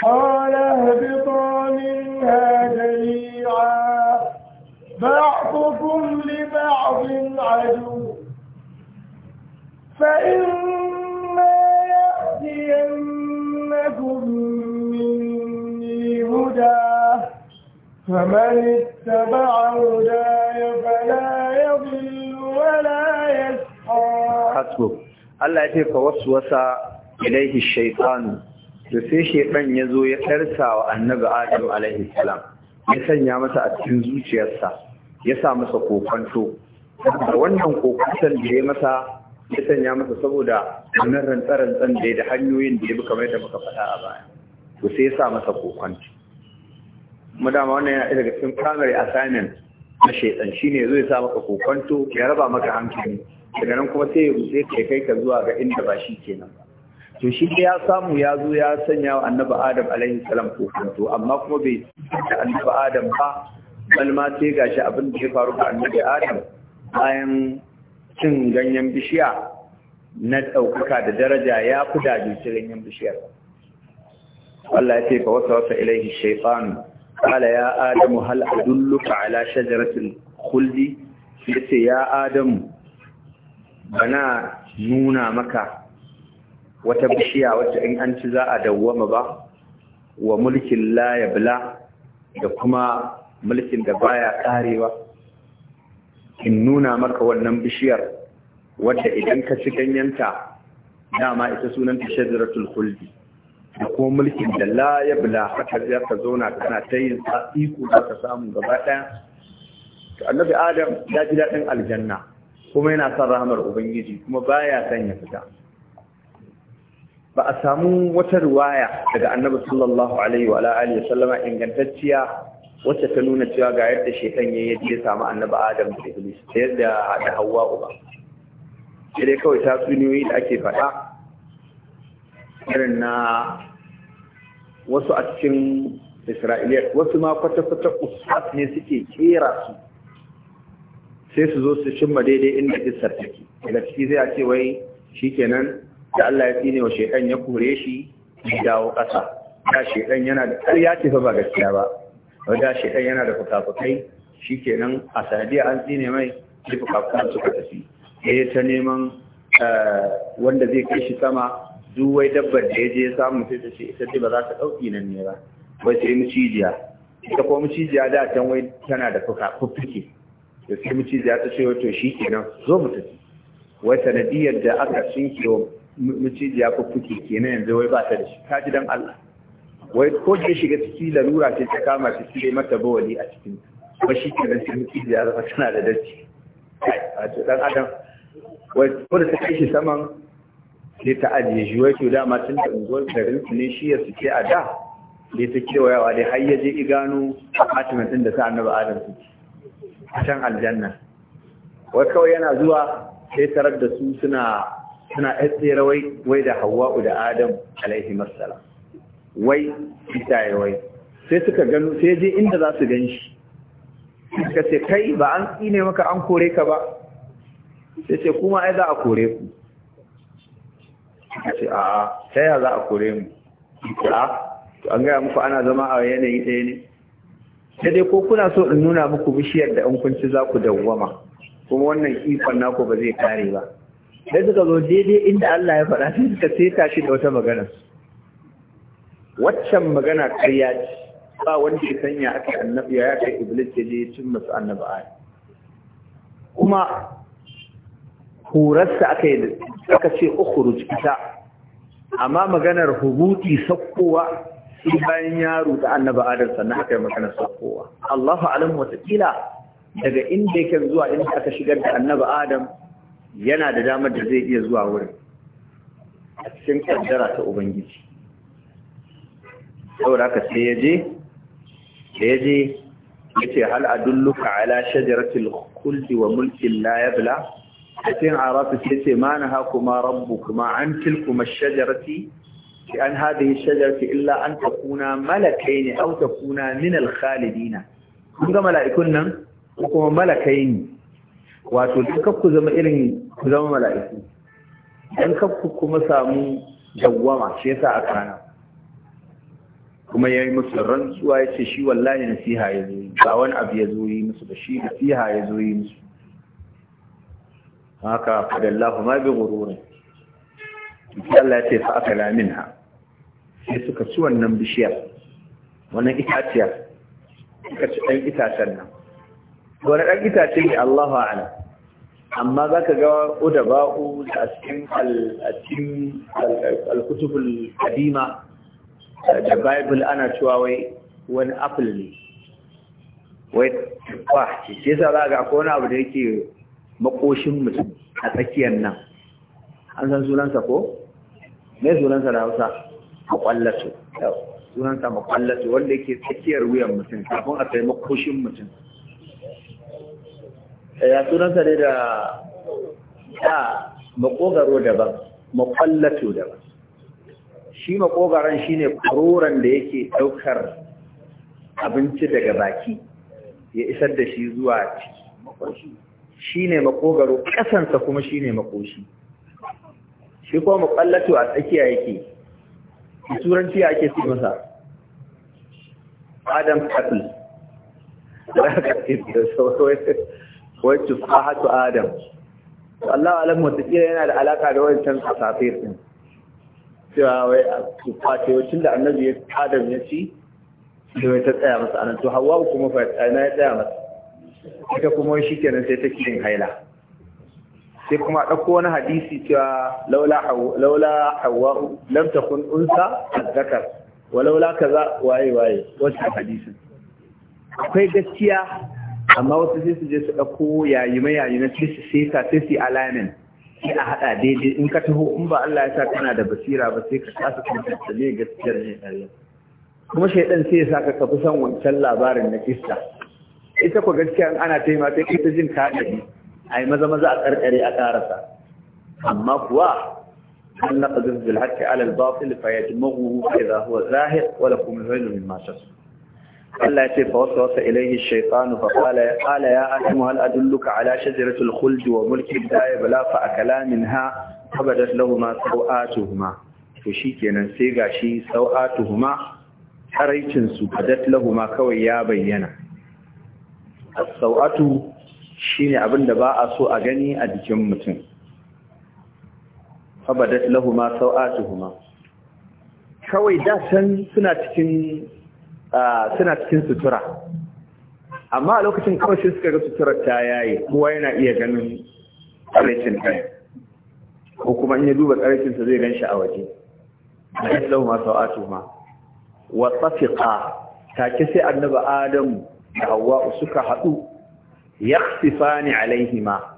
قال اهبطا منها جميعا بعضكم لبعض عدو فإما يأتينكم مني هدى فمن اتبع هداي فلا يضل ولا يشقى حسبه الله يتيك وسوس إليه الشيطان da sai shaidan ya zo ya ɗarsa wa annabi adam alaihi salam ya sanya masa a cikin zuciyarsa ya sa masa kokonto da wannan kokonton da ya masa ya sanya masa saboda wannan rantsarantsan da ya da hanyoyin da ya bi kamar yadda muka faɗa a baya to sai ya sa masa kokonto kuma dama wannan yana daga cikin primary assignment na shaidan shine ya zo sa maka kokonto ya raba maka hankali daga nan kuma sai ya rutse kai ka zuwa ga inda ba shi kenan ba to shi ya samu ya zo ya sanya wa annabi adam alaihi salam to amma kuma bai da annabi adam ba bal ma sai gashi abin da ya faru ga annabi adam bayan cin ganyen bishiya na ɗaukaka da daraja ya fi da ci ganyen bishiyar Allah ya ce fa wasa wasa ilaihi shaytan qala ya adamu hal adulluka ala shajaratil khuldi yace ya adamu bana nuna maka wata bishiya wata in an ci za a dawwama ba wa mulkin la yabla da kuma mulkin da baya karewa in nuna maka wannan bishiyar wadda idan ka ci ganyenta dama ita sunanta shajaratul khuldi da kuma mulkin da la yabla haka za ka zauna kana ta yin iko da ka samu gaba ɗaya to annabi adam ya ji daɗin aljanna kuma yana son rahmar ubangiji kuma baya son ya fita ba a samu wata riwaya daga annabi sallallahu alaihi wa alihi sallama ingantacciya wacce ta nuna cewa ga yadda shekan ya yi ya samu annabi adam da iblis ta yadda da hawa uba sai dai kawai tatsuniyoyi da ake faɗa irin na wasu a cikin isra'iliya wasu ma kwata-kwata usas ne suke kera su sai su zo su cimma daidai inda isar take daga ciki zai a ce wai shikenan da Allah ya tsine wa shekan ya kore shi ya dawo ƙasa Ya shekan yana da ƙarya ce fa ba gaskiya ba wanda shekan yana da fukafukai shikenan a sanadiyar an tsine mai shi fukafukan suka tafi ya ta neman eh, wanda zai kai shi sama duk wai dabbar da ya je ya samu sai ta ce ita ce ba za ta ɗauki nan ne ba wai sai mucijiya ita ko mucijiya da can wai tana da fuka da sai mucijiya ta ce wato shi kenan zo mu tafi wai sanadiyar da aka sinke miciji ya fuffuke kenan yanzu wai ba ta da shi ta ji dan Allah wai ko ke shiga ciki larura ce ta kama ta cire mata bawali a cikin ba shi ke nan cikin ya zama tana da dace a ce dan adam wai ko da ta kai shi saman sai ta ajiye shi wai to dama tun da unguwar garin su ne shi ya suke a da sai ta kewayawa dai har ya je igano apartment din da sa annabi adam suke a can aljanna wai kawai yana zuwa sai tarar da su suna tana tsere wai wai da Hawwa'u da Adam alaihi assalam wai itaye wai sai suka gano sai je inda za su gan shi suka ce kai ba an tsine maka an kore ka ba sai ce kuma ai za a kore ku suka ce a'a ta yaya za a kore mu a to an gaya muku ana zama a yanayi ɗaya ne sai dai ko kuna so in nuna muku bishiyar da an kunci za ku dawwama kuma wannan ikon naku ba zai kare ba sai suka zo daidai inda Allah ya faɗa sai suka seta shi da wata magana waccan magana ƙarya ce ba wanda ya sanya aka annabi ya kai iblis ya je cin masu annabi ayi kuma horarsa aka yi aka ce ukhruj kita amma maganar hubuti sakkowa sai bayan ya ruta annabi adam sannan aka yi maganar sakkowa Allahu alam wa daga inda yake zuwa inda aka shigar da annabi adam yana da damar da zai iya zuwa wurin a cikin kaddara ta ubangiji saboda haka sai ya je da ya je ya ce hal adulluka ala shajaratil khuldi wa mulkin la yabla cikin arafu sai ce ma na rabbu kuma an tilkuma shajarati an hadhihi shajarati illa an takuna malakaini aw takuna min al khalidina kun ga mala'ikun nan kuma malakai ne wato duk ku zama irin ku zama mala'iku dan ku kuma samu dawwama shi yasa aka rana kuma yayi musu rantsuwa yace shi wallahi nasiha ya zo ba wani abu ya zo yi musu ba shi nasiha ya zo yi musu haka fadallahu ma bi ghururin Allah ya ce fa akala minha sai suka ci wannan bishiyar wannan itaciyar suka ci ɗan itacen nan wani ɗan itace ne Allahu a'lam amma za ka ga oda ba'u da a cikin alkutubul kadima da bible ana cewa wai wani apple ne wai ba shi sa za ga akwai wani abu da yake makoshin mutum a tsakiyar nan an san sunansa ko me sunansa da hausa makwallatu sunansa makwallatu wanda yake tsakiyar wuyan mutum kafin a kai makoshin mutum Eh, ya sunansa ne da ya makogaro daban makwallato daban shi makogaron shi ne kwaroron da yake ɗaukar abinci daga baki ya isar da shi zuwa ciki shi ne makogaro ƙasansa kuma shi ne makoshi shi kuma makwallato a tsakiya yake turanci ake su masa adam apple da aka ce da sauran wai tufahatu adam Allah alam watakila yana da alaƙa da wancan kasafir din cewa wai tufa ce wacin da annabi ya adam ya ci sai wai ta tsaya masa anan to hawa kuma fa na ya tsaya masa ita kuma shi shikenan sai ta yin haila sai kuma ɗauko wani hadisi cewa laula hawa lam takun unsa azzakar wa laula kaza waye waye wannan hadisin akwai gaskiya amma wasu sai su je su ɗauko yayi yayume sai su seta sai su yi alignment sai a haɗa daidai in ka taho in ba Allah ya sa kana da basira ba sai ka kasa tantance ne gaskiyar ne ɗaya. kuma shaidan sai ya sa ka kafi son wancan labarin na kista ita ko gaskiya in ana taimaka sai jin kaɗari a yi maza maza a karkare a karasa amma kuwa an naƙa zuwa bilhakki alal batil fa yajmaghu fa zahir wala lakum min Allah ya ce fa wasu wasu ilaihi shaifanu fa qala ya qala ya adamu hal adulluka ala shajaratul khuld wa mulkin ya yabla fa kalamin ha fabadat lahumu sawatuhuma to kenan sai gashi sawatuhuma haraicin su fadat lahumu kawai ya bayyana as shine abin da ba a so a gani a jikin mutum fabadat lahumu sawatuhuma kawai da san suna cikin suna cikin sutura amma a lokacin kawai suka ga suturar ta yayi kowa yana iya ganin tsaraicin kai ko kuma in ya duba tsaraicinsa zai gan shi a waje a islam masu wa'atu ma wa ta ke sai annaba adamu da hawa'u suka haɗu ni alaihima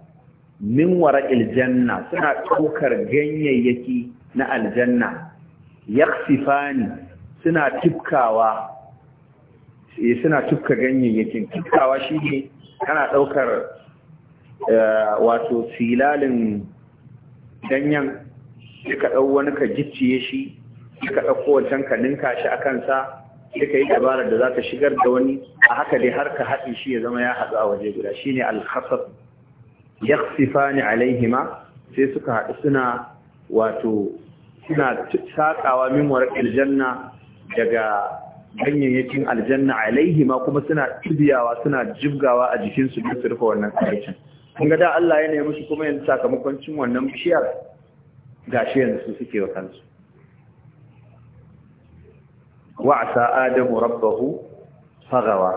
min waraqil janna suna ɗaukar ganyayyaki na aljanna ni suna tifkawa Eh, suna tufka ganyayyakin tufkawa shi ne kana ɗaukar eh, wato silalin ganyen ka ɗau wani ka gicciye shi ka ɗauko wancan ka ninka shi a kansa duka yi dabarar da za ka shigar da wani a haka dai har ka haɗe shi ya zama ya haɗu a waje guda shi ne alhassar ya a alaihima sai suka haɗu suna wato suna saƙawa min warƙar janna daga ganyayyakin aljanna alaihi ma kuma suna cibiyawa, suna jibgawa a jikinsu don su rufe wannan kayan kun ga da Allah ya nemi shi kuma yanzu sakamakon cin wannan bishiyar gashi yanzu su suke wa kansu wa asa adamu rabbahu fagawa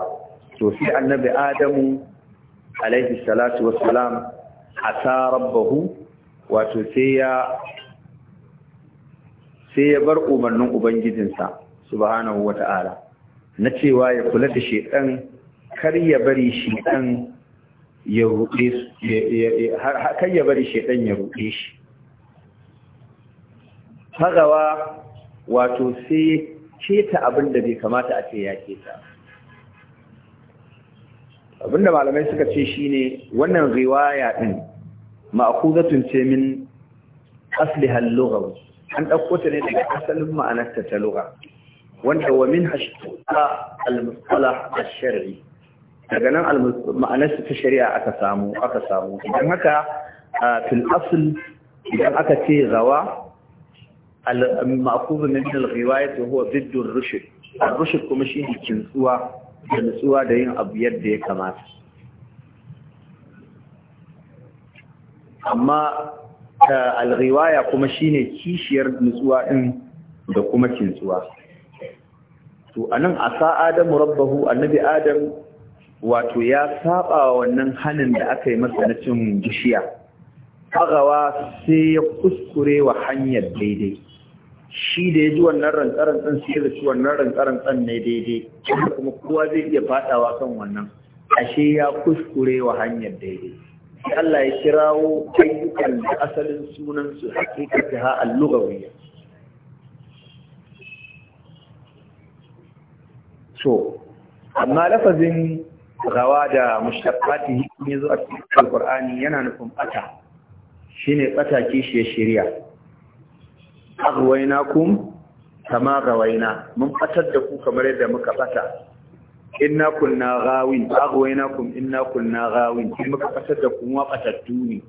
to sai annabi adamu alaihi salatu wassalam asa rabbahu wato sai ya sai ya bar umarnin ubangijinsa subhanahu wa na cewa ya kula da shekan kar ya bari shekan ya ruɗe kar ya bari shekan ya ruɗe shi hagawa wato sai keta abin da bai kamata a ce ya keta abinda malamai suka ce shine wannan riwaya din ma'khuzatun ce min asliha al-lughawi an dauko ta ne daga asalin ma'anarta ta lugha wanda wa min hashtuka al-mustalah ash-shar'i daga nan ma'anar ta shari'a aka samu aka samu idan haka fil asl idan aka ce zawa al-ma'khudh min al-riwayat huwa zidd ar-rushd ar-rushd kuma ne kintsuwa da nutsuwa da yin abu yadda ya kamata amma al-riwaya kuma shine kishiyar nutsuwa din da kuma kintsuwa to a nan anan asa adamu rabbahu annabi adam wato ya saba wannan hanin da aka yi masa na cin bishiya fagawa sai ya kuskure wa hanyar daidai shi da ya ji wannan rantsarantsan sai da ci wannan rantsarantsan ne daidai kuma kowa zai iya fadawa kan wannan ashe ya kuskure wa hanyar daidai Allah ya kirawo ayyukan da asalin sunansu hakikata ha al-lughawiyya to amma lafazin gawa da mushtaqati in yazo a cikin alqur'ani yana nufin bata shine bata kishi ya shari'a aghwaynakum kama gawaina mun fatar da ku kamar yadda muka bata inna kunna gawin aghwaynakum inna kunna gawin muka fatar da ku mu fatar duniya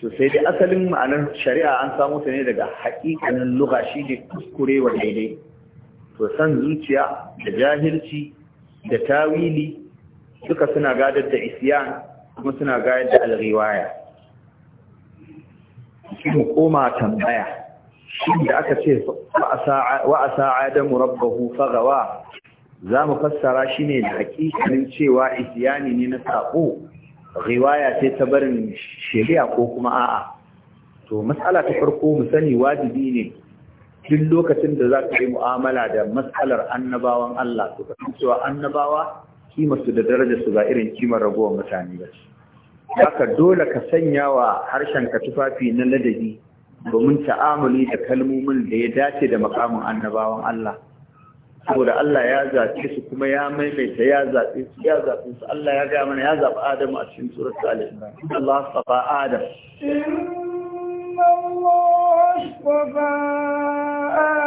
to sai dai asalin ma'anar shari'a an samu ta ne daga haƙiƙanin lugha shi ne kuskure wa daidai to san zuciya da jahilci da tawili duka suna gadar da isyan kuma suna gadar da alriwaya shi mu koma tambaya shi da aka ce wa sa'a da murabbahu fagawa za mu fassara shi ne da haƙiƙanin cewa isyani ne na saƙo? riwaya ce ta barin shari'a ko kuma a'a to matsala ta farko mu sani wajibi ne duk lokacin da za ka yi mu'amala da matsalar annabawan Allah to ka san cewa annabawa kimar su da daraja su ba irin kimar ragowar mutane ba haka dole ka sanya wa harshen ka tufafi na ladabi domin ta'amuli da kalmomin da ya dace da makamin annabawan Allah saboda Allah ya zaɓe su kuma ya maimaita ya zaɓe su ya zaɓe su Allah ya gaya mana ya zaɓi Adamu a cikin surat Ali Allah safa Adam inna Allah safa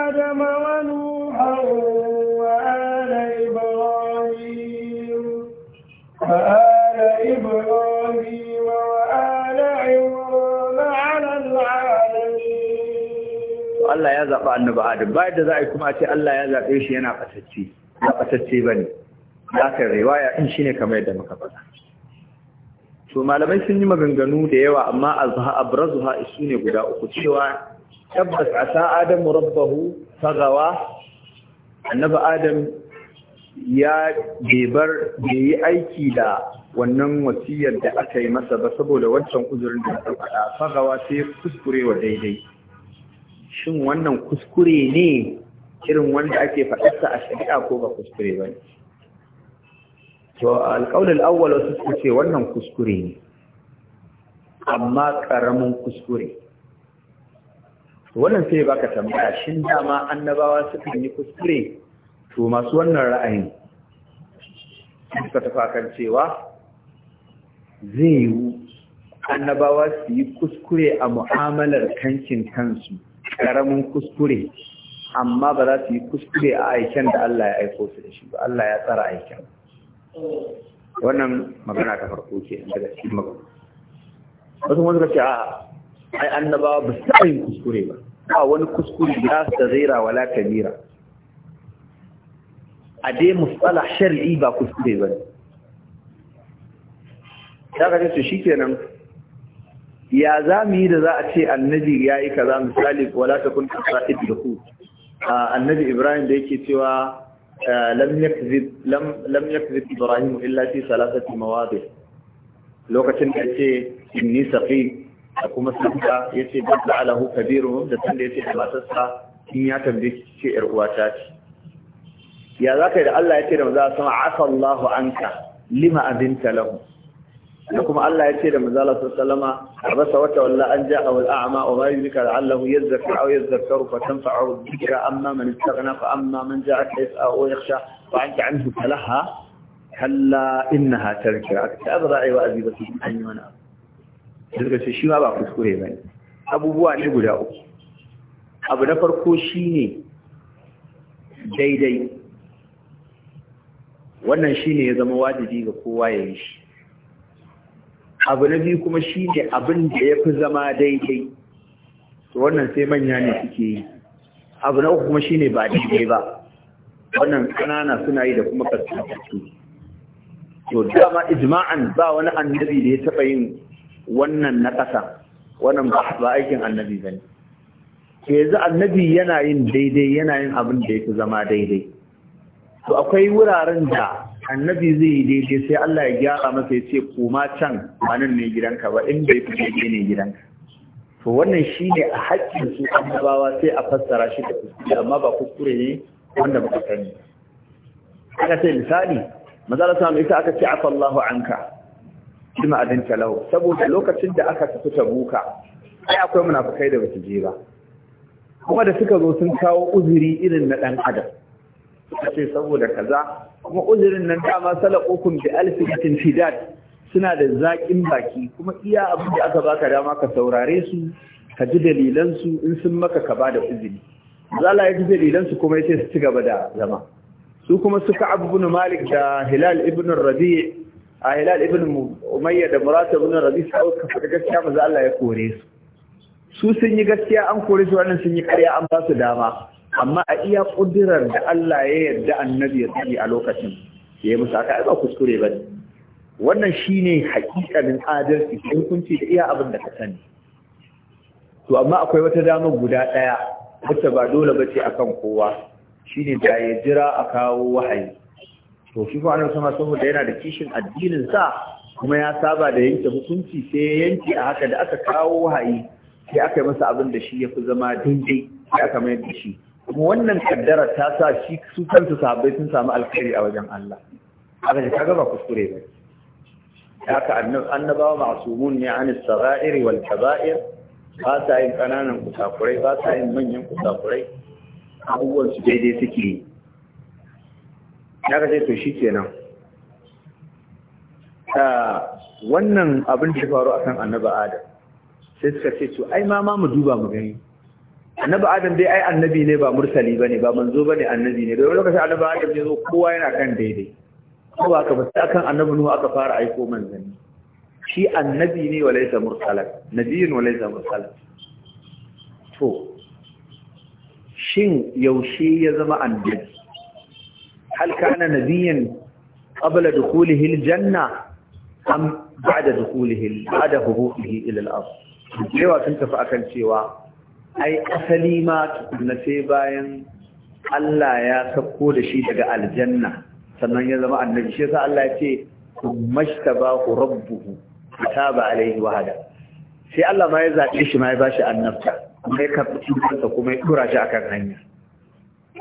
Adam wa Nuha wa ala Ibrahim wa ala Ibrahim to Allah ya zaɓi annabi Adam ba da za a yi kuma ce Allah ya zaɓe shi yana ɓatacce ba ɓatacce ba ne za ka riwaya ɗin shi ne kamar yadda muka faɗa to malamai sun yi maganganu da yawa amma a a zuha, zuha su ne guda uku cewa tabbas asa adamu rabbahu gawa annabi adam ya bebar da yi aiki da wannan wasiyar da aka yi masa ba saboda wancan uzurin da aka faɗa fagawa sai kuskure wa daidai shin wannan kuskure ne irin wanda ake faɗarsa a shari'a ko ba kuskure ba ne to alƙawlin awwal wasu suka ce wannan kuskure ne amma ƙaramin kuskure wannan sai baka tambaya shin dama annabawa suka yi kuskure to masu wannan ra'ayin suka tafa kan cewa zai yiwu annabawa su yi kuskure a mu'amalar kankin kansu karamin kuskure amma ba za su yi kuskure a aiken da Allah ya aiko su da shi ba Allah ya tsara aiken wannan magana ta farko ke daga cikin magana wasu wanda suka ce a ai annabawa ba su yi yin kuskure ba ba wani kuskure ya da zaira wala kabira a dai musala shari'i ba kuskure ba ne Ya ga su kenan ya za mu yi da za a ce annabi ya yi kaza misali wala ta kun kasa idhu annabi ibrahim da yake cewa eh, lam yakzib ibrahim illa fi salasati mawadi lokacin da yace inni saqi da kuma sabta yace bada alahu kabiru da tun da yace da matarsa in ya tambaye ce yar uwata ce ya za ka yi da Allah ya ce da manzo sama asallahu anka lima abinta lahu da kuma Allah ya ce da manzala sallama abasa wata walla an ja'a wal a'ma wa ma yuzika la'allahu yadhakkaru aw yadhakkaru fa tanfa'u dhikra amma man istaghna fa amma man ja'a yas'a aw yakhsha wa anta anhu talaha kalla innaha tadhkira ta azra'i wa aziba fi anyi wana daga ce shi ma ba kuskure bane abubuwa ne guda uku abu na farko shine daidai wannan shine ya zama wajibi ga kowa ya yi shi abu na biyu kuma shi ne abin da ya fi zama daidai to wannan sai manya ne suke yi abu na uku kuma shi ne ba daidai ba wannan kanana suna yi da kuma kasu to dama ijma'an ba wani annabi da ya taɓa yin wannan na ƙasa wannan ba aikin annabi ba ne. ke yanzu annabi yana yin daidai yana yin abin da ya fi zama daidai to akwai wuraren da annabi zai yi daidai sai Allah ya gyara masa ya ce koma can ba ne gidanka ba in bai fi daidai ne gidanka to wannan shi ne a haƙƙin su annabawa sai a fassara shi da kuskure amma ba kuskure ne wanda ba sani aka ce misali mazala samu ita aka ce afa Allahu anka shi ma'adin talau saboda lokacin da aka tafi tabuka ai akwai munafukai da ba su je ba kuma da suka zo sun kawo uzuri irin na ɗan adam suka ce saboda kaza kuma uzurin nan dama salakukum bi alfiyatin fidad suna da zaƙin baki kuma iya abin da aka baka dama ka saurare su ka ji dalilan su in sun maka ka bada uzuri zala ya ji dalilan su kuma yace su ci gaba da zama su kuma suka abubuwan malik da hilal ibn rabi a hilal ibn umayya da murata ibn rabi su auka fada gaskiya maza Allah ya kore su su sun yi gaskiya an kore su wannan sun yi karya an ba su dama amma a iya kudirar da Allah ya yarda annabi ya sani a lokacin ya yi musu aka aika kuskure ba wannan shine hakikalin adalci sai hukunci da iya abin da ka sani to amma akwai wata dama guda ɗaya, wacce ba dole a kan kowa Shi ne da ya jira a kawo wahayi to shi ko annabi sama saboda yana da kishin addinin sa kuma ya saba da yanke hukunci sai ya yanke a haka da aka kawo wahayi sai aka yi masa abin da shi ya fi zama daidai sai aka mayar da shi kuma wannan kaddara ta sa shi su kansu sahabbai sun samu alkhairi a wajen Allah haka ne kaga ba kuskure ba haka annabawa ma'sumun ne an sara'ir wal kaba'ir ba sa yin kananan kusakurai ba sa yin manyan kusakurai abubuwan su daidai suke yi haka sai to shikenan ah, wannan abin da faru akan annaba Adam sai suka ce to ai ma ma mu duba mu gani annabi adam dai ai annabi ne ba mursali bane ba manzo bane annabi ne da lokacin annabi adam ya zo kowa yana kan daidai ko ba ka ba kan akan annabi nuhu aka fara aiko manzanni shi annabi ne walaysa mursalan nabiyyun walaysa mursalan to shin yaushe ya zama annabi hal kana nabiyyan qabla dukhulihi aljanna am ba'da dukhulihi ba'da hubuhihi ila al-ard cewa sun tafi akan cewa ai asali ma tukunna sai bayan Allah ya sako da shi daga aljanna sannan ya zama annabi shi yasa Allah ya ce ku rabbuhu ba alaihi wa hada sai Allah ma ya zaɓe shi ma ya bashi annabta mai ya karɓi cikinsa kuma ya tura shi akan hanya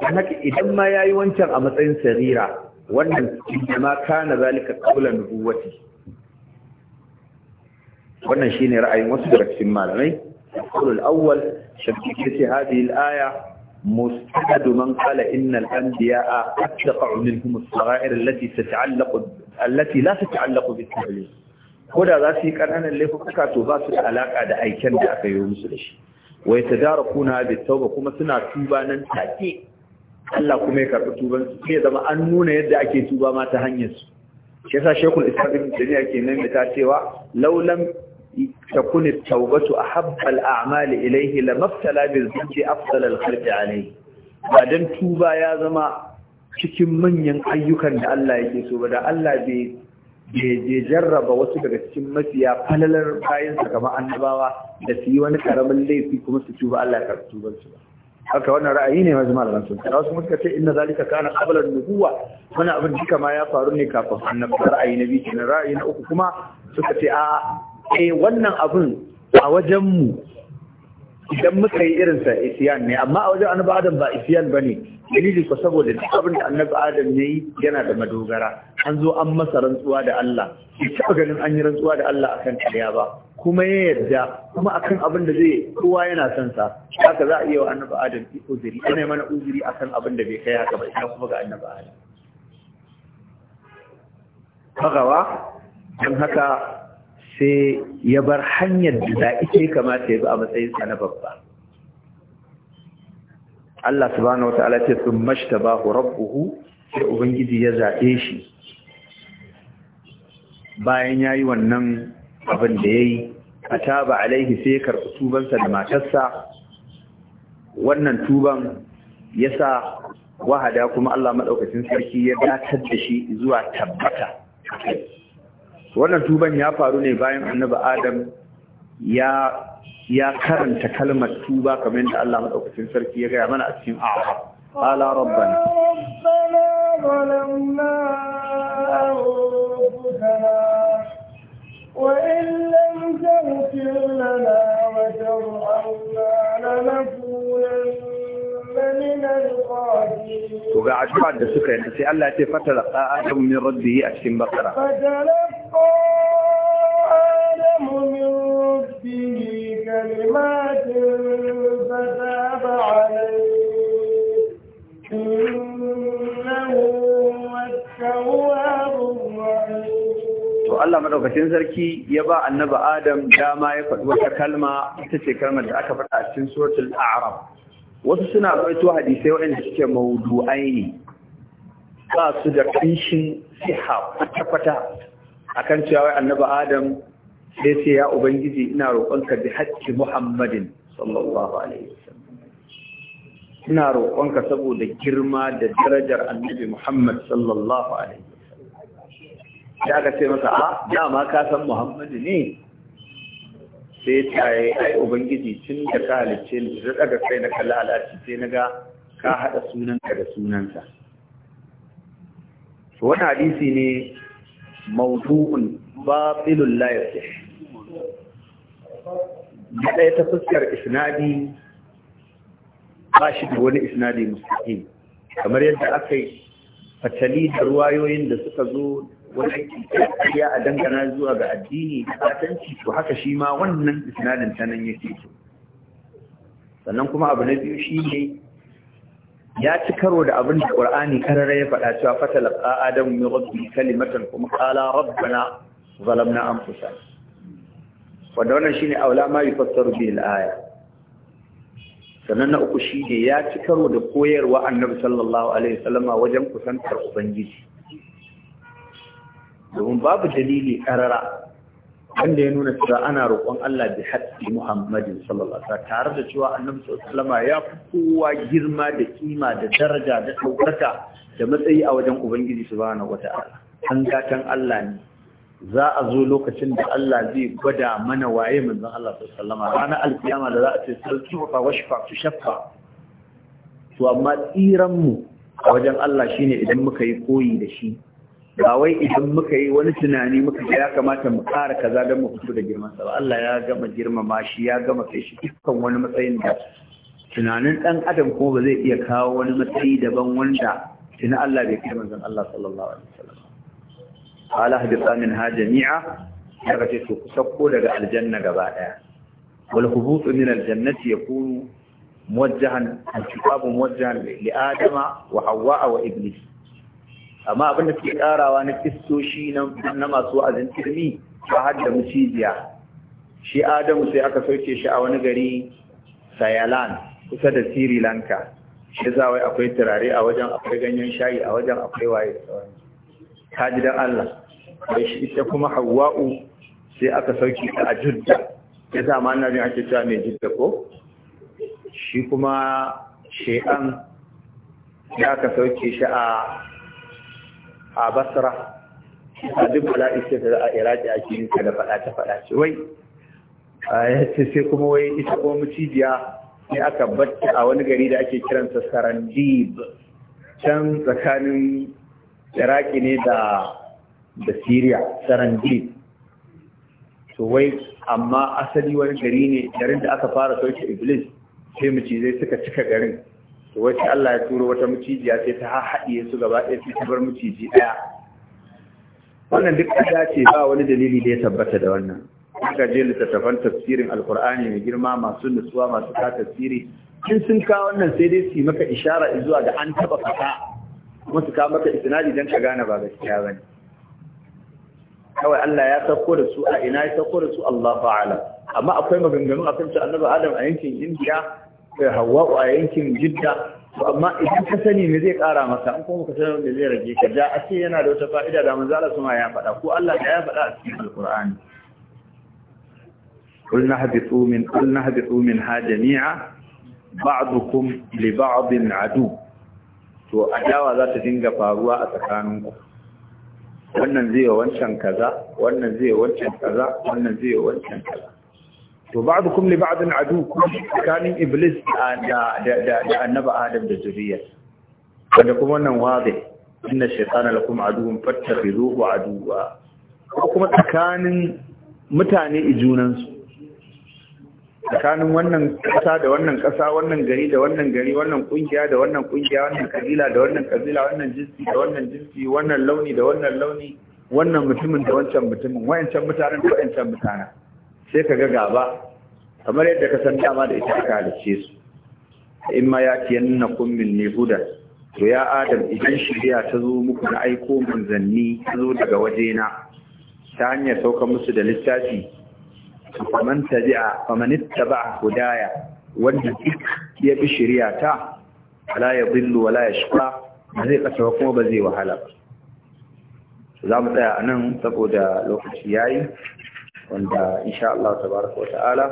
haka idan ma ya yi wancan a matsayin sarira wannan inda ma kana zalika qabla nubuwati wannan shine ra'ayin wasu daga cikin malamai القول الأول شبكية هذه الآية مستند من قال إن الأنبياء قد تقع منهم الصغائر التي تتعلق التي لا تتعلق بالتعليم koda za su yi ƙananan laifuka to ba su da alaƙa da aiken da aka yi musu da shi wa ya tadara kuna da tauba kuma suna tuba nan take Allah kuma ya karɓi tuban su sai zama an nuna yadda ake tuba ma ta hanyar su shi yasa Sheikhul Islam ke nan da ta cewa laulan? تكون التوبة أحب الأعمال إليه لما ابتلى بالذنب أفضل الخلق عليه بعدين توبة يا زما cikin manyan ayyukan da Allah yake so ba da Allah bai jarraba wasu daga cikin mafiya falalar bayan sa kamar annabawa da su yi wani karamin laifi kuma su tuba Allah ya karɓi tuban ba haka wannan ra'ayi ne ma zama da sun da wasu muka ce inna zalika kana qabla an-nubuwa wannan abin duka ma ya faru ne kafin annabi ra'ayi na biyu kenan ra'ayi na uku kuma suka ce a. eh wannan abin a wajenmu idan muka yi irinsa isiyan ne amma a wajen annabi adam ba isiyan ba ne dalili ko saboda duk abin da annabi adam ya yi yana da madogara an zo an masa rantsuwa da Allah bai taɓa ganin an yi rantsuwa da Allah akan kariya ba kuma ya yarda kuma akan abin da zai kowa yana son sa haka za a iya wa annabi adam uzuri ana mana uzuri akan abin da bai kai haka ba ina kuma ga annabi adam fagawa don haka sai ya bar hanyar da ita kamata ya bi a matsayinsa na babba Allah subhanahu wata'ala ce sun mashtabahu rabbuhu sai ubangiji ya zaɓe shi bayan yayi wannan abin da yayi ataba alaihi sai karɓi tubansa da matarsa wannan tuban ya sa wahada kuma Allah maɗaukacin sarki ya datar da shi zuwa tabbata wannan tuban ya faru ne bayan annabi adam ya ya karanta kalmar tuba kamar yadda Allah madaukakin sarki ya gaya mana a cikin a'raf qala rabbana rabbana zalamna anfusana wa in lam taghfir lana wa tarhamna lanakunanna وبعد بعد شكرا نسي الله تفتى آدم من ربه أشتم بقرة فتلقى آدم من ربه كلمات فتاب عليه إنه التواب الرحيم والله ما دوك تنزركي يبا النبى آدم جاما يفتوى كلمة تتي كلمة أكبر أشتم سورة الأعراب wasu suna rawaito hadisai waɗanda suke mawdu'ai ne ba su da ƙanshin siha kwata-kwata akan cewa wai annabi Adam sai ce ya ubangiji ina roƙonka bi haƙƙi Muhammadin sallallahu alaihi wasallam ina roƙonka saboda girma da darajar annabi Muhammad sallallahu alaihi wasallam da aka ce masa a ah, dama ka san Muhammadu ne sai ta yi ai ubangiji tun da ka halice ni da daga kai na kalla alaci sai na ga ka haɗa sunanka da sunansa wani hadisi ne mawdu'un batilun la yasih da ɗaya ta fuskar isnadi ba shi da wani isnadi mustaqim kamar yadda aka yi fatali da ruwayoyin da suka zo wani aiki ya a dangana zuwa ga addini da fatanci to haka shi ma wannan isnadin ta nan yake so sannan kuma abu na biyu shi ne ya ci karo da abin da ƙur'ani karara ya faɗa cewa fatala adam mai rabbi kalimatan kuma qala rabbana zalamna anfusana wanda wannan shine aula ma yufassaru bil aya sannan na uku shi ne ya ci karo da koyarwa annabi sallallahu alaihi wasallama wajen kusantar ubangiji domin babu dalili karara wanda ya nuna cewa ana roƙon Allah bi haƙƙi Muhammadin sallallahu alaihi wasallam tare da cewa Annabi sallallahu alaihi ya fi kowa girma da kima da daraja da ɗaukaka da matsayi a wajen Ubangiji subhanahu wata'ala an gatan Allah ne za a zo lokacin da Allah zai gwada mana waye manzon Allah sallallahu alaihi wasallam ranar alkiyama da za a ce sarkifa washfa tushaffa to amma tsiran mu a wajen Allah shine idan muka yi koyi da shi ba wai idan muka yi wani tunani muka ya kamata mu ƙara kaza don mu fito da girman sa Allah ya gama girmama shi ya gama kai shi dukkan wani matsayin da tunanin dan adam kuma ba zai iya kawo wani matsayi daban wanda tuna Allah bai kai manzon Allah sallallahu alaihi wasallam qala hadithan min ha jami'a daga ce to kusakko daga aljanna gaba daya wal hubutu min aljannati yakunu موجها Adama wa لآدم wa Iblis. amma abin da suke karawa na kistoshi na masu wa'azin turmi ba har da mucijiya shi adamu sai aka sauke shi a wani gari sayalan kusa da sri lanka shi zawai akwai turare a wajen akwai ganyen shayi a wajen akwai waye da ta ji don allah bai shi ita kuma hawa'u sai aka sauke ta a judda ya sa an annabin ake cewa mai judda ko shi kuma shekan sai aka sauke shi a a basra a duk bala'i ce da a iraki ake ka da ce wai ya ce sai kuma wai ita kuma mucijiya sai aka batta a wani gari da ake kiransa sarandib can tsakanin iraki ne da da syria sarandib to wai amma asali wani gari ne garin da aka fara sauke iblis sai mucizai suka cika garin to wai sai Allah ya turo wata mucijiya sai ta haɗiye su gaba ɗaya sai ta bar muciji ɗaya wannan duk ƙasa ce ba wani dalili da ya tabbata da wannan aka je littattafan tafsirin alkur'ani mai girma masu nutsuwa masu ka tafsiri in sun kawo wannan sai dai su maka ishara zuwa da an taba fata kuma su kawo maka isnadi dan ka gane ba gaskiya bane kawai Allah ya sauko da su a ina ya sauko da su Allah fa'ala amma akwai maganganu kan cewa annabi Adam a yankin Indiya hawa'u a yankin jidda amma idan ka sani me zai kara maka an kuma ka sanar da zai rage ka da a ce yana da wata fa'ida da manzo Allah suma ya faɗa ko Allah ya faɗa a cikin alqur'ani qul nahbitu min qul nahbitu min ha jami'a ba'dukum li ba'din adu to adawa za ta dinga faruwa a tsakaninku wannan zai wancan kaza wannan zai wancan kaza wannan zai wancan kaza to ba'dukum li ba'din adu kuma tsakanin iblis da da annabi adam da zuriya wanda kuma wannan wazi inna shaytana lakum aduwwun fattakhizuhu aduwwa kuma tsakanin mutane ijunansu tsakanin wannan kasa da wannan kasa wannan gari da wannan gari wannan kungiya da wannan kungiya wannan kabila da wannan kabila wannan jinsi da wannan jinsi wannan launi da wannan launi wannan mutumin da wancan mutumin wayancan mutanen da wayancan mutanen sai ka ga gaba kamar yadda ka san dama da ita aka halicce su in ma ya ce yanna kun ne huda to ya adam idan shirya ta zo muku na aiko manzanni ta zo daga wajena ta hanyar sauka musu da littafi faman ta ba a hudaya wanda duk ya bi shirya ta wala ya billu wala ya shuka. ba zai kasa kuma ba zai wahala ba za mu tsaya nan saboda lokaci yayi wanda insha Allah tabaraka wa ta'ala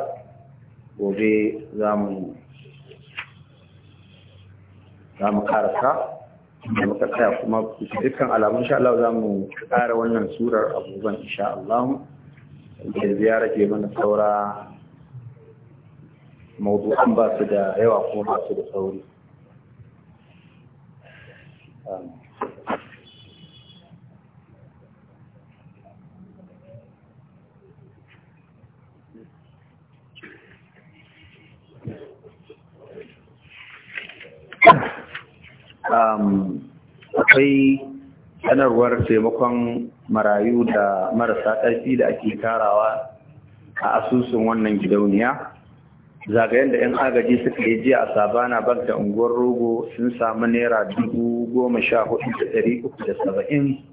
gobe za mu za mu karasa da muka tsaya kuma dukkan alamu insha Allah za mu ƙara wannan surar abubuwan insha Allah da ziyara ke mana saura mawdu'an ba su da yawa kuma ba su da sauri. Um, akwai sanarwar taimakon marayu da marasa ƙarfi da ake karawa a asusun wannan gidauniya zagayen da 'yan agaji suka yi jiya a sabana bank da unguwar rogo sun samu naira dubu goma sha hudu da ɗari uku da saba'in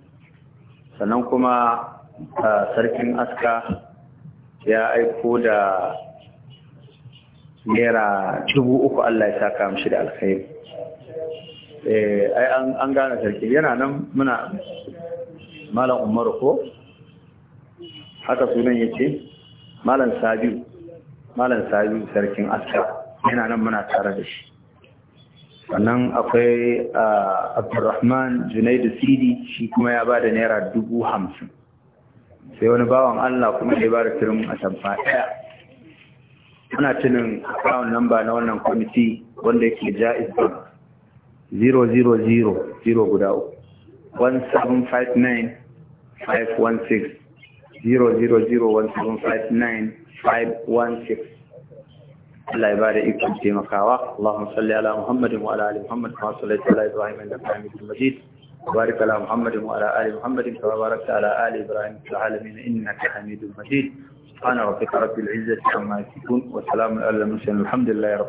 sannan kuma sarkin aska ya aiko da naira dubu uku allah ya sa kamshi da alkhairu. Eh, ai an gane sarki yana nan muna malam umaru ko haka sunan yace malam sabiu malam sabiu sarkin Aska, yana nan muna tare da shi sannan akwai abdurrahman junaidu sidi shi kuma ya bada naira dubu hamsin sai wani bawan allah kuma ya bada turin a tamfa daya ana tunin akawun namba na wannan kwamiti wanda yake ja'iz ba. 000 guda uku 1759 Allah ya bada ikon taimakawa Allahumma salli ala Muhammadin wa ala ali Muhammad kama sallaita ala Ibrahim innaka Hamidum Majid وبارك ala muhammadin wa آل محمد كما باركت على آل إبراهيم في العالمين إنك حميد مجيد سبحان ربك رب العزة عما يصفون وسلام